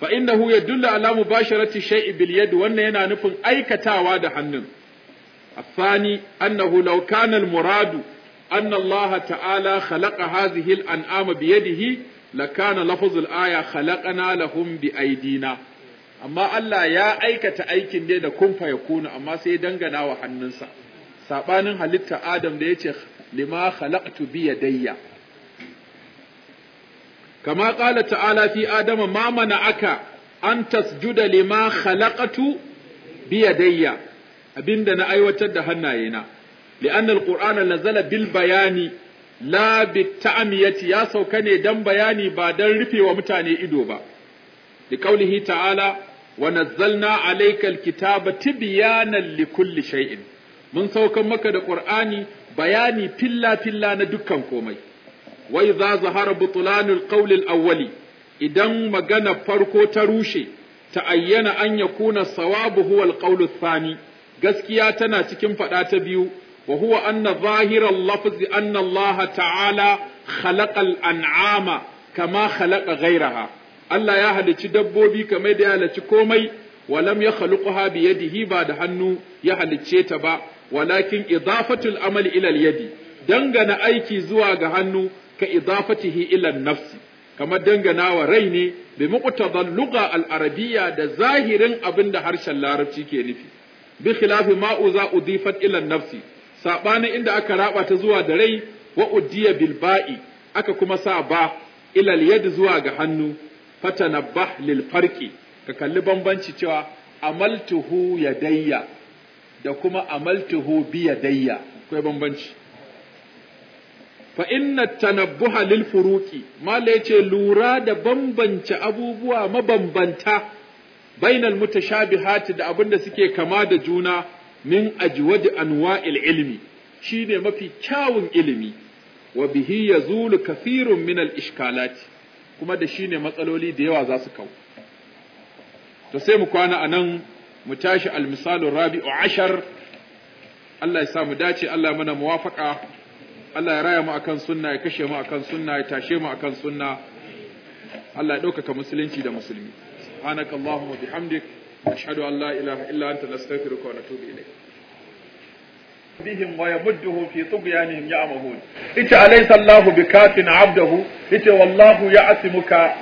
Speaker 1: fa innahu yadullu ala mubasharati shay'i bil yad wannan yana nufin aikatawa da hannun الثاني أنه لو كان المراد أن الله تعالى خلق هذه الأنعام بيده لكان لفظ الآية خلقنا لهم بأيدينا amma Allah ya aikata aikin ne da ya kuna amma sai dangana wa hannunsa sabanin halitta Adam da yace lima khalaqtu bi yadayya kama qala ta'ala fi adama ma aka an tasjuda lima khalaqtu bi abinda na aiwatar da hannayena li'anna alqur'ana nazala bil bayani la bitamiyati ya sauka ne dan bayani ba dan rufewa mutane ido ba li qaulihi ta'ala wa nazzalna alayka alkitaba tibyanan likulli shay'in mun sauka maka da qur'ani bayani filla filla na dukkan komai wa idza zahara butlanul qawl alawwali idan magana farko ta rushe ta ayyana an yakuna sawabu huwa alqawl athani gaskiya tana cikin faɗa ta biyu wa huwa anna zahiran lafzi anna Allah ta'ala khalaqal an'ama kama khalaqa ghairaha Allah ya halici dabbobi kamar da ya halici komai walam ya khaluquha bi yadihi ba da hannu ya halicce ta ba walakin idafatul amal ila yadi dangana aiki zuwa ga hannu ka idafatihi ila nafsi kamar dangana wa rai ne bi muqtadal lugha al arabiyya da zahirin abin da harshen larabci ke nufi bi khilafi ma uza udifat ila nafsi sabanin inda aka raba ta zuwa da rai wa udiya bil ba'i aka kuma sa ba ila yad zuwa ga hannu fatanabbah lil farqi ka kalli bambanci cewa amaltuhu yadayya da kuma amaltuhu bi yadayya akwai bambanci fa inna tanabbuha lil furuqi mala yace lura da bambance abubuwa mabambanta bainal mutashabihati da abinda suke kama da juna min ajwad anwa'il ilmi shine mafi kyawun ilimi wa bihi yazulu kathirun min al ishkalati kuma da shine matsaloli da yawa za su kawo. to sai mu kwana anan mu tashi al rabi'u ashar Allah ya sa mu dace Allah mana muwafaqa Allah ya raya mu akan sunna ya kashe mu akan sunna ya tashe mu akan sunna Allah ya ɗaukaka musulunci da musulmi subhanaka allahumma bihamdik ashhadu an la ilaha illa anta nastaghfiruka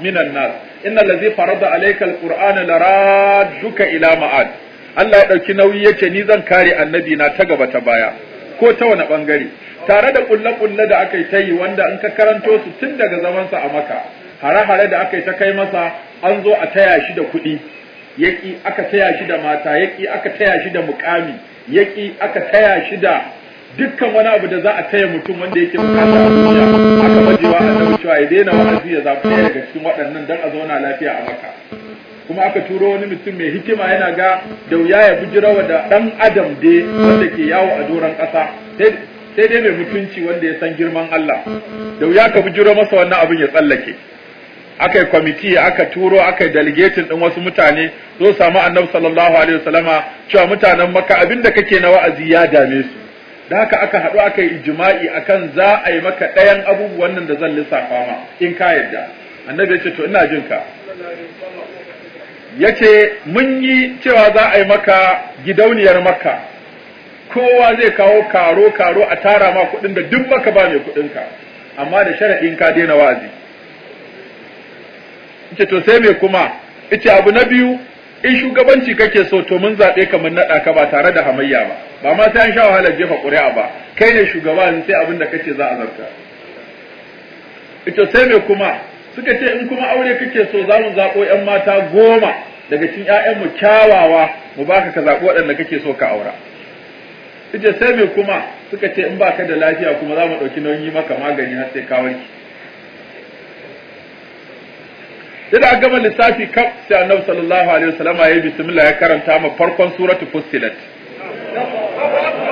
Speaker 1: minan nas innal ladhi farada alayka alqur'ana laradduka ila Allah ya ɗauki nauyi yace ni zan kare annabi na ta gaba ta baya ko ta wani ɓangare tare da ƙulle-ƙulle da aka yi ta yi wanda in ka karanto su tun daga zamansa a maka hare-hare da aka yi ta kai masa an zo a taya shi da kuɗi yaƙi aka taya shi da mata yaƙi aka taya shi da mukami yaƙi aka taya shi da dukkan wani abu da za a taya mutum wanda yake bukata a duniya aka wa a annabi cewa ya daina wa'azi ya zaɓi ɗaya daga cikin waɗannan don a zauna lafiya a maka kuma aka turo wani mutum mai hikima yana ga da wuya ya bijirawa da ɗan adam dai wanda ke yawo a doron ƙasa sai dai mai mutunci wanda ya san girman Allah da wuya ka bijiro masa wannan abin ya tsallake aka yi kwamiti aka turo aka yi din wasu mutane zo samu annabi sallallahu alaihi wasallama cewa mutanen maka abinda kake na wa'azi ya dame su da haka aka haɗu aka yi ijma'i akan za a yi maka ɗayan abubuwan nan da zan lissafa ma in ka yarda annabi ya ce to ina jin ka yace mun yi cewa za a yi maka gidauniyar maka kowa zai kawo karo karo a tara ma kuɗin da duk maka ba mai kuɗinka amma da sharaɗin ka daina wa'azi ita to sai me kuma ita abu na biyu in shugabanci kake so to mun zaɓe ka mun naɗa ka ba tare da hamayya ba ba ma sai an sha wahalar jefa ƙuri'a ba kai ne shugaba sai abin da kace za a zarta ita sai me kuma suka ce in kuma aure kake so za mu zaɓo ƴan mata goma daga cikin ƴaƴanmu kyawawa mu baka ka zaɓi waɗanda kake so ka aura ita sai me kuma suka ce in baka da lafiya kuma za mu ɗauki nauyi maka magani har sai ka warke sai da gama lissafi kaf sai annabi sallallahu alaihi wasallama ya bismillah ya karanta ma farkon suratu fussilat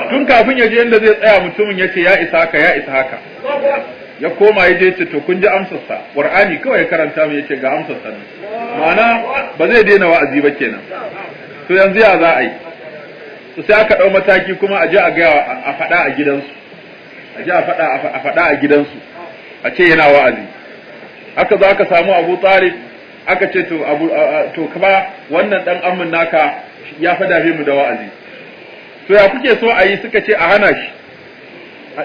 Speaker 1: tun kafin ya je inda zai tsaya mutumin ya ce ya isa haka ya isa haka ya koma ya je ce to kun ji amsarsa qur'ani kawai ya karanta mu yace ga amsarsa ne
Speaker 2: ma'ana ba
Speaker 1: zai daina wa'azi ba kenan to yanzu ya za a yi to sai aka dau mataki kuma a je a ga a faɗa a gidansu a je a faɗa a faɗa a gidansu a ce yana wa'azi haka za ka samu Abu tsari. aka ce to abu to kuma wannan dan amin naka ya fada mu da wa'azi to ya kuke so a yi suka ce a hana shi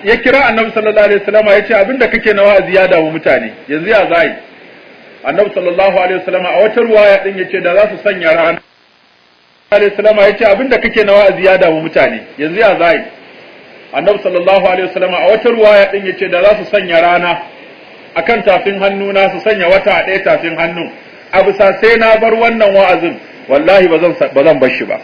Speaker 1: ya kira annabi sallallahu alaihi wasallam ya ce abinda kake na wa'azi ya damu mutane yanzu ya zai annabi sallallahu alaihi wasallam a wata ruwaya din yace da za su sanya rana alaihi wasallam ya ce abinda kake na wa'azi ya damu mutane yanzu ya zai annabi sallallahu alaihi wasallam a wata ruwaya din yace da za su sanya rana akan tafin hannu na su sanya wata a ɗaya tafin hannun a bisa sai na bar wannan wa'azin wallahi ba zan bar shi ba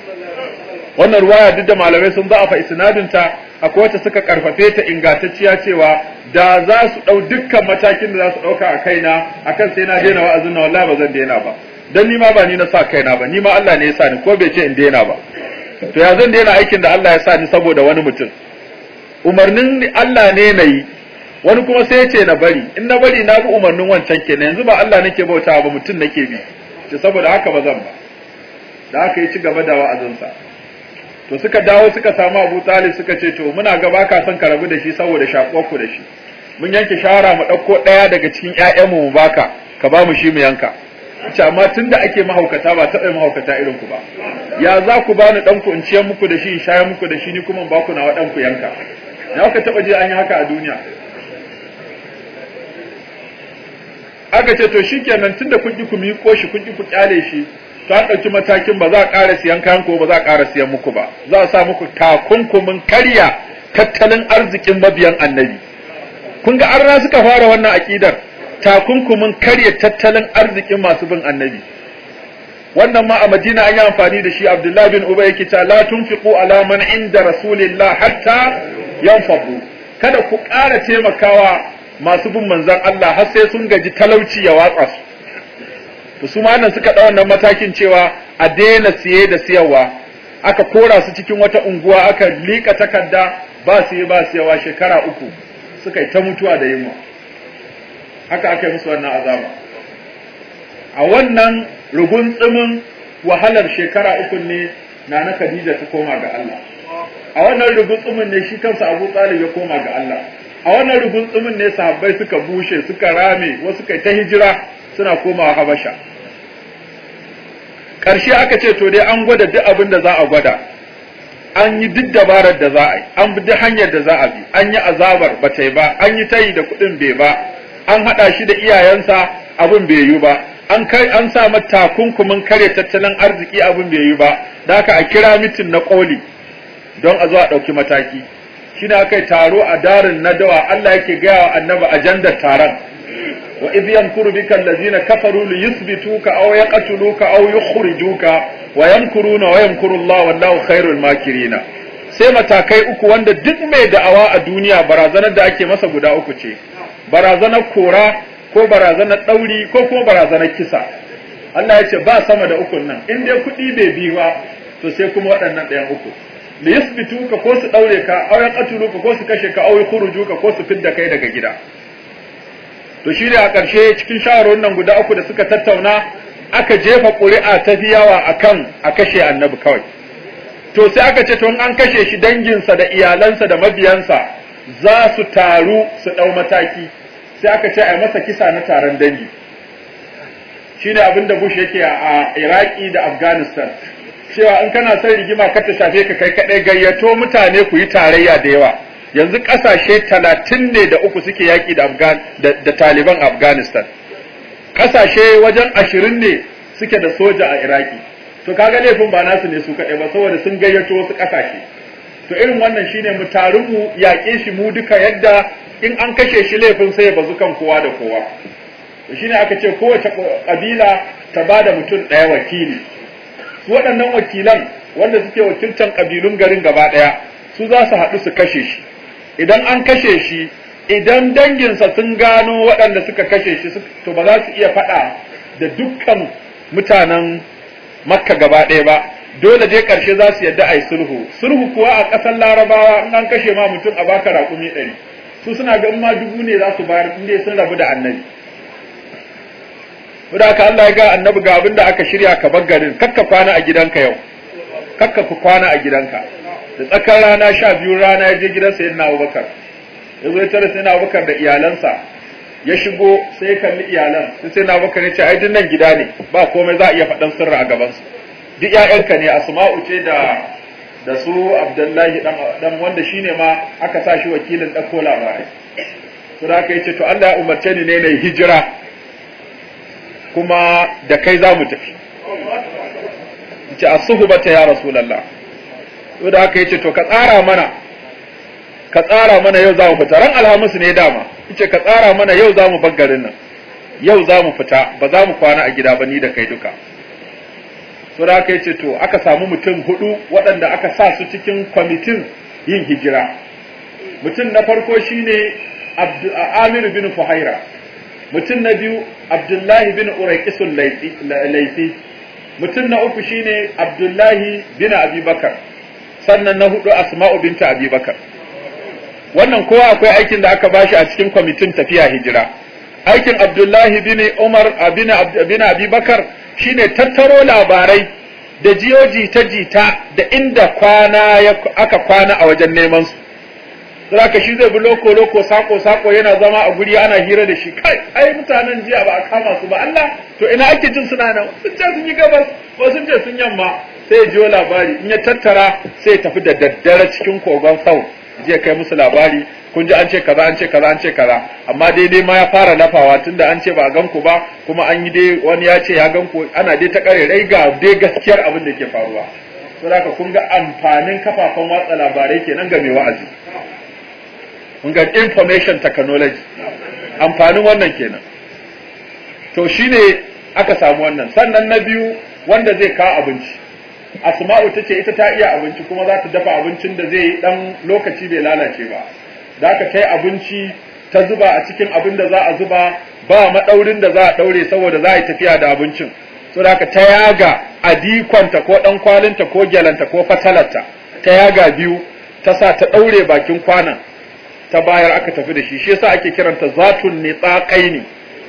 Speaker 1: wannan ruwaya duk da malamai sun za'afa isnadinta akwai wacce suka karfafe ta ingantacciya cewa da za su dau dukkan matakin da za su dauka a kaina akan sai na daina wa'azin na wallahi ba zan daina ba dan ni ma ba ni na sa kaina ba ni ma Allah ne ya sa ni ko bai ce in daina ba to ya zan daina aikin da Allah ya sa ni saboda wani mutum umarnin Allah ne nayi wani kuma sai ya ce na bari in na bari na bi umarnin wancan kenan yanzu ba Allah nake bauta ba mutum nake bi to saboda haka ba zan ba da haka ya ci gaba da wa'azinsa to suka dawo suka samu Abu Talib suka ce to muna ga baka son ka rabu da shi saboda shakuwar ku da shi mun yanke shawara mu ɗauko ɗaya daga cikin ƴaƴanmu mu baka ka ba mu shi mu yanka ce amma tunda ake mahaukata ba taɓa mahaukata irin ku ba ya za ku ba ni ɗanku in ciyar muku da shi in shayar muku da shi ni kuma ba ku na waɗanku yanka na ka taɓa ji an yi haka a duniya aka ce to shikenan tunda kun ki ku miƙo shi kun ki ku kyale shi to an ɗauki matakin ba za a ƙara siyan kayan ko ba za a ƙara siyan muku ba za a sa muku takunkumin karya tattalin arzikin mabiyan annabi kun ga arna suka fara wannan aƙidar takunkumin karya tattalin arzikin masu bin annabi wannan ma a madina an yi amfani da shi abdullahi bin uba yake ta la tunfiqu ala man inda rasulillah hatta yanfadu kada ku ƙara taimakawa masu bin manzan Allah har sai sun gaji talauci ya watsa su to su ma nan suka ɗau wannan matakin cewa a daina siye da siyarwa aka kora su cikin wata unguwa aka liƙa takarda ba su yi ba siyarwa shekara uku suka yi ta mutuwa da yunwa haka aka yi musu wannan azama. a wannan rugun tsimin wahalar shekara uku ne na na Khadija ta koma ga Allah a wannan rugun tsimin ne shi kansa Abu Talib ya koma ga Allah a wannan rufin tsumin ne sahabbai suka bushe suka rame wasu kai ta hijira suna komawa habasha karshe aka ce to dai an gwada duk abin da za a gwada an yi duk dabarar da za a yi an bi duk hanyar da za a bi an yi azabar ba ta yi ba an yi tayi da kuɗin bai ba an haɗa shi da iyayensa abin bai yi ba an kai an sa kunkumin kare tattalin arziki abin bai yi ba da haka a kira mitin na koli don a zo a ɗauki mataki shine kai taro a darin na dawa Allah yake gaya wa annabi ajandar taron wa idh yamkuru bika allazina kafaru li yuthbituka aw yaqtuluka aw yukhrijuka wa yamkuruna wa yamkuru Allah wallahu khairul makirin sai matakai uku wanda duk mai da'awa a duniya barazanar da ake masa guda uku ce barazanar kora ko barazanar ɗauri ko kuma barazanar kisa Allah ya ce ba sama da ukun nan in dai kuɗi bai bi ba to sai kuma waɗannan ɗayan uku li yasbitu ka ko su daure ka aw yaqtulu ka ko su kashe ka aw yukhruju ka ko su fidda kai daga gida to shi a ƙarshe cikin shawarwar nan guda uku da suka tattauna aka jefa ƙuri'a ta fi yawa akan a kashe annabi kawai to sai aka ce tun an kashe shi danginsa da iyalansa da mabiyansa za su taru su ɗau mataki sai aka ce a masa kisa na taron dangi shine abin da Bush yake a Iraki da Afghanistan cewa in kana son rigima ka ta shafe ka kai kaɗai, gayyato mutane ku yi tarayya da yawa yanzu kasashe talatin ne da uku suke yaƙi da Afgan, da Taliban Afghanistan Ƙasashe wajen ashirin ne suke da soja a Iraki to kaga laifin ba nasu ne su kaɗai ba saboda sun gayyato wasu kasashe to irin wannan shine mu taru mu yaƙe shi mu duka yadda in an kashe shi laifin sai ya bazu kan kowa da kowa shine aka ce kowace ƙabila ta ba da mutum ɗaya wakili su waɗannan wakilan wanda suke wakiltar ƙabilun garin gaba ɗaya su za su haɗu su kashe shi idan an kashe shi idan danginsa sun gano waɗanda suka kashe shi to ba za su iya faɗa da dukkan mutanen makka gaba ɗaya ba dole je ƙarshe za su yadda a yi sulhu sulhu kuwa a ƙasar larabawa in an kashe ma mutum a baka raƙumi ɗari su suna ga ma dubu ne za su bayar in dai sun rabu da annabi Don Allah ya ga annabi ga abin da aka shirya ka bar garin kakka kwana a gidanka yau. Kakka ku kwana a gidanka. Da tsakar rana sha biyu rana ya je gidan sayyidina Abubakar. Ya zo ya tare sayyidina Abubakar da iyalansa. Ya shigo sai ya kalli iyalan. Sai sayyidina Abubakar ya ce ai din gida ne ba komai za a iya faɗan sirra a gaban su. Duk ƴaƴanka ne Asma'u ce da da su Abdullahi dan wanda shine ma aka sa shi wakilin ɗauko labarai. Sai aka yi ce to Allah ya umarce ni ne na hijira kuma da kai za mu tafi ce a suhubata ya rasulallah yau da haka ya ce to ka tsara mana ka tsara mana yau za mu fita ran alhamis ne dama ce ka tsara mana yau za mu garin nan yau za mu fita ba za mu kwana a gida ba ni da kai duka to da haka ya ce to aka samu mutum hudu waɗanda aka sa su cikin kwamitin yin hijira mutum na farko shi ne Amir bin Fuhaira mutum na biyu abdullahi bin uraikisun laifi mutum na uku shine abdullahi bin abubakar sannan na hudu asma'u binta abubakar wannan kowa akwai aikin da aka bashi a cikin kwamitin tafiya hijira aikin abdullahi bin umar bin abubakar shine tattaro labarai da jiyo jita jita da inda kwana aka kwana a wajen neman su ka shi zai bi loko loko sako sako yana zama a guri ana hira da shi kai ai mutanen jiya ba a kama su ba Allah to ina ake jin suna nan sun ce sun yi gabas ko sun ce sun yamma sai jiyo labari in ya tattara sai ya tafi da daddare cikin kogon sau jiya kai musu labari kun ji an ce kaza an ce kaza an ce kaza amma daidai ma ya fara lafawa tunda an ce ba a ganku ba kuma an yi dai wani ya ce ya ganku ana dai ta kare rai ga dai gaskiyar abin da ke faruwa saboda kun ga amfanin kafafen watsa labarai kenan ga mai wa'azi mun ga information technology amfanin wannan kenan to shine aka samu wannan sannan na biyu wanda zai kawo abinci asma'u tace ita ta iya abinci kuma za ta dafa abincin da zai dan lokaci bai lalace ba da ka kai abinci ta zuba a cikin abin da za a zuba ba maɗaurin da za a ɗaure saboda za a yi tafiya da abincin so da ta yaga adikonta ko ɗan kwalinta ko gyalanta ko fatalarta ta yaga biyu ta sa ta ɗaure bakin kwanan ta bayar aka tafi da shi shi yasa ake kiranta zatul ne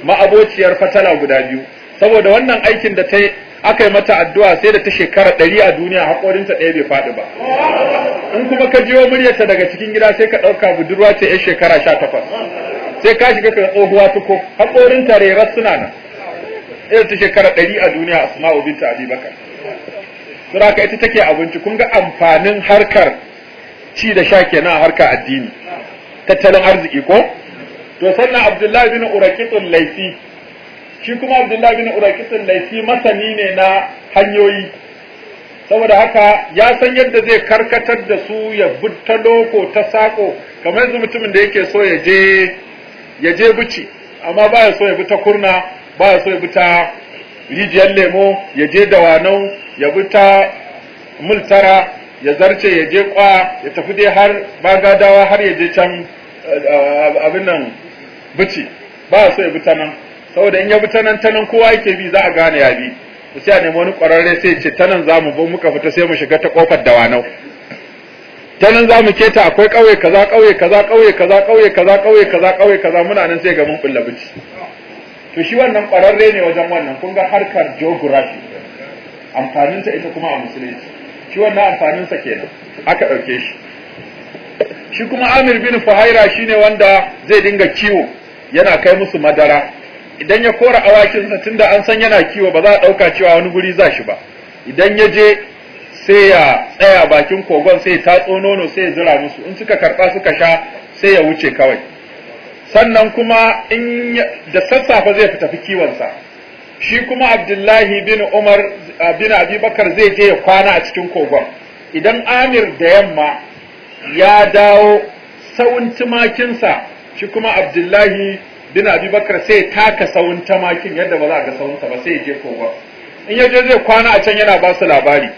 Speaker 1: ma'abociyar fatala guda biyu saboda wannan aikin da ta aka yi mata addu'a sai da ta shekara ɗari a duniya haƙorinta ɗaya bai faɗi ba in kuma ka jiyo muryarta daga cikin gida sai ka ɗauka budurwa ce 'yar shekara sha takwas sai ka shiga ka tsohuwa tuko haƙorinta rerar suna nan ita ta shekara ɗari a duniya asma'u binta sura suraka ita take abinci kun ga amfanin harkar ci da sha kenan a harkar addini tattalin arziki ko to sannan abdullahi bin urakitun laifi shi kuma abdullahi bin urakitun laifi masani ne na hanyoyi saboda haka ya san yadda zai karkatar da su ya butta loko ta sako kamar yanzu mutumin da yake so ya je ya je buci. amma baya so ya bi ta kurna ya so ya bi ta rijiyar lemo ya je dawanau ya bi multara ya zarce ya je kwa ya tafi dai har bagadawa har ya je can abin nan bici ba so ya bi ta nan saboda in ya bi ta nan ta nan kowa yake bi za a gane ya bi to sai a nemi wani ƙwararre sai ce ta nan za mu muka fita sai mu shiga ta ƙofar dawanau ta nan za mu keta akwai ƙauye kaza ƙauye kaza ƙauye kaza ƙauye kaza ƙauye kaza kauye kaza muna nan sai ga mun bulla bici to shi wannan ƙwararre ne wajen wannan kun ga harkar geography amfaninsa ita kuma a musulunci shi wannan amfaninsa kenan aka ɗauke shi shi kuma amir bin fuhaira shine wanda zai dinga kiwo yana kai musu madara idan ya kora awakinsa tunda an san yana kiwo ba za a ɗauka cewa wani guri za shi ba idan ya je sai ya tsaya bakin kogon sai ya tatso nono sai ya zura musu in suka karɓa suka sha sai ya wuce kawai sannan kuma in da sassafe zai fita kiwonsa shi kuma abdullahi bin umar ah, bin abubakar zai je ya kwana a cikin kogon idan amir da yamma ya dawo saun tumakinsa shi kuma abdullahi bin abubakar sai taka saun tumakin yadda ba za a ga sawunsa ba sai ya je kowa in ya je zai kwana a can yana ba su labari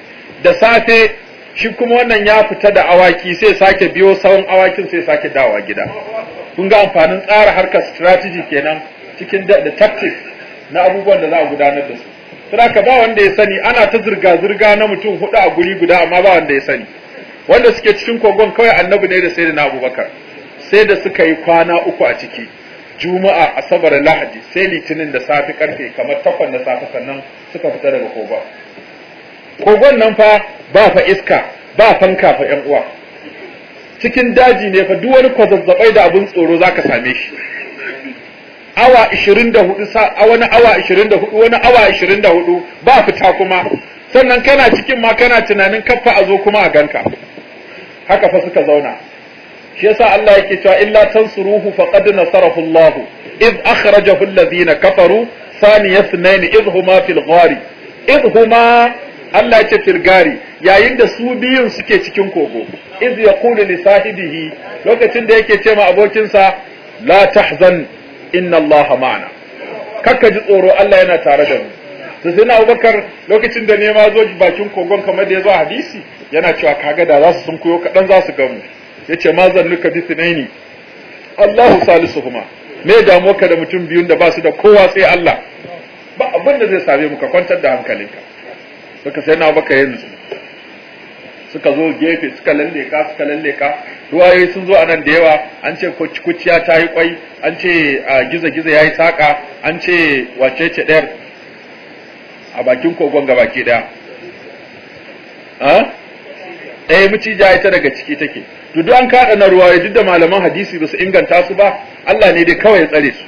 Speaker 1: da safe shi kuma wannan ya fita da awaki sai sake biyo sawun awakin sai sake dawowa gida kun ga amfanin tsara harka strategy kenan cikin da tactics na abubuwan da za a gudanar da su. ka ba wanda ya sani ana ta zirga-zirga na mutum hudu a guri guda amma ba wanda ya sani. wanda suke cikin kogon kawai annabi ne da sayyidina abubakar sai da suka yi kwana uku a ciki juma'a asabar lahadi sai litinin da safi karfe kamar takwas na safi sannan suka fita daga kogon kogon nan fa ba fa iska ba fanka fa yan uwa cikin daji ne fa duk wani kwazazzabai da abun tsoro zaka same shi awa 24 sa a wani awa 24 wani awa 24 ba fita kuma sannan kana cikin ma kana tunanin kafa a zo kuma a ganka haka fa suka zauna shi yasa Allah yake cewa illa tansuruhu faqad nasarahu Allah iz akhrajahu alladhina kafaru sani اثنين iz huma fil ghari id huma Allah ya ce firgari yayin da su biyun suke cikin kogo iz yaqulu li sahibihi lokacin da yake ce ma abokinsa la tahzan inna Allah ma'ana kakka ji tsoro Allah yana tare da mu to sai na abubakar lokacin da nema zo bakin kogon kamar da ya zo a hadisi yana cewa kaga da za su sun kuyo kaɗan za su gamu ya ce ma zannuka bi sunaini Allahu salisuhuma me damu ka da mutum biyun da ba su da kowa sai Allah ba abin da zai same mu ka kwantar da hankalinka suka sai na abubakar yanzu suka zo gefe suka lalle ka suka lalle ka ruwayoyi sun zo a nan da yawa an ce kuciya ta yi kwai an ce gizo-gizo ya yi saƙa an ce wace ce ɗayar a bakin kogon gaba ke daya ɗaya eh, miciji ita daga ciki take to duk an kaɗa na ruwa duk da malaman hadisi ba su inganta su ba Allah ne dai kawai ya tsare su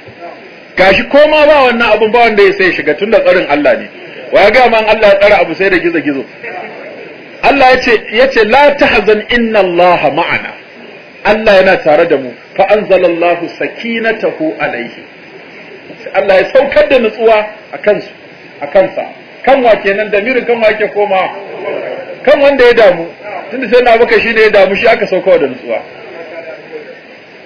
Speaker 1: gashi koma ba wannan abun ba wanda ya sai shiga da tsarin Allah ne wa ya ga man Allah ya tsara abu sai da gizo gizo Allah ya ce ya ce la tahzan inna Allah ma'ana Allah yana tare da mu fa anzalallahu sakinatahu alaihi Allah ya saukar da nutsuwa akan su a kansa kan wa kenan mirin kan wa yake koma kan wanda ya damu tunda sai na baka shi ne ya damu shi aka sauka da nutsuwa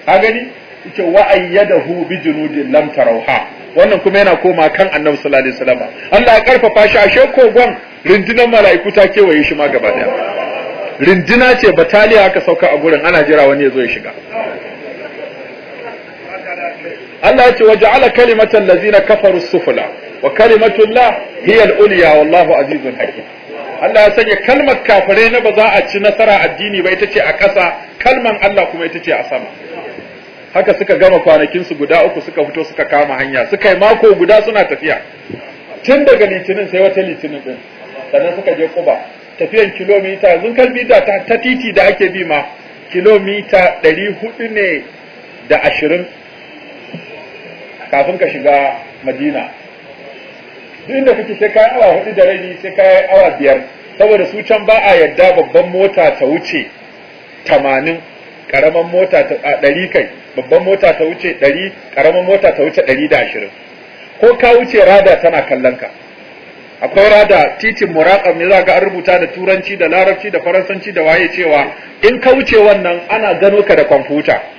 Speaker 1: a gani yace wa ayyadahu bi junudin lam tarauha wannan kuma yana koma kan annabi sallallahu alaihi wasallam Allah ya karfafa shi ashe kogon rindinan mala'iku ta kewaye shi ma gaba daya rindina ce bataliya aka sauka a gurin ana jira wani ya zo ya shiga Allah ya ce waje kalimatan lazina kafaru sufula wa kalimatullah hiya al-ulya wallahu azizun hakim Allah ya sanya kalmar kafare na ba za a ci nasara addini ba ita ce a ƙasa kalman Allah kuma ita ce a sama haka suka gama kwanakin su guda uku suka fito suka kama hanya suka yi mako guda suna tafiya tun daga litinin sai wata litinin din sannan suka je kuba tafiyan kilomita yanzu kalbi da ta titi da ake bi ma kilomita ɗari hudu ne da ashirin kafin ka shiga madina duk inda kake sai kai awa hudu da rabi sai kai awa biyar saboda su can ba a yadda babban mota ta wuce tamanin karaman mota ta ɗari kai babban mota ta wuce ɗari karaman mota ta wuce ɗari da ashirin ko ka wuce rada tana kallon ka akwai rada titin muraƙa me za an rubuta da turanci da larabci da faransanci da waye cewa in ka wuce wannan ana gano ka da kwamfuta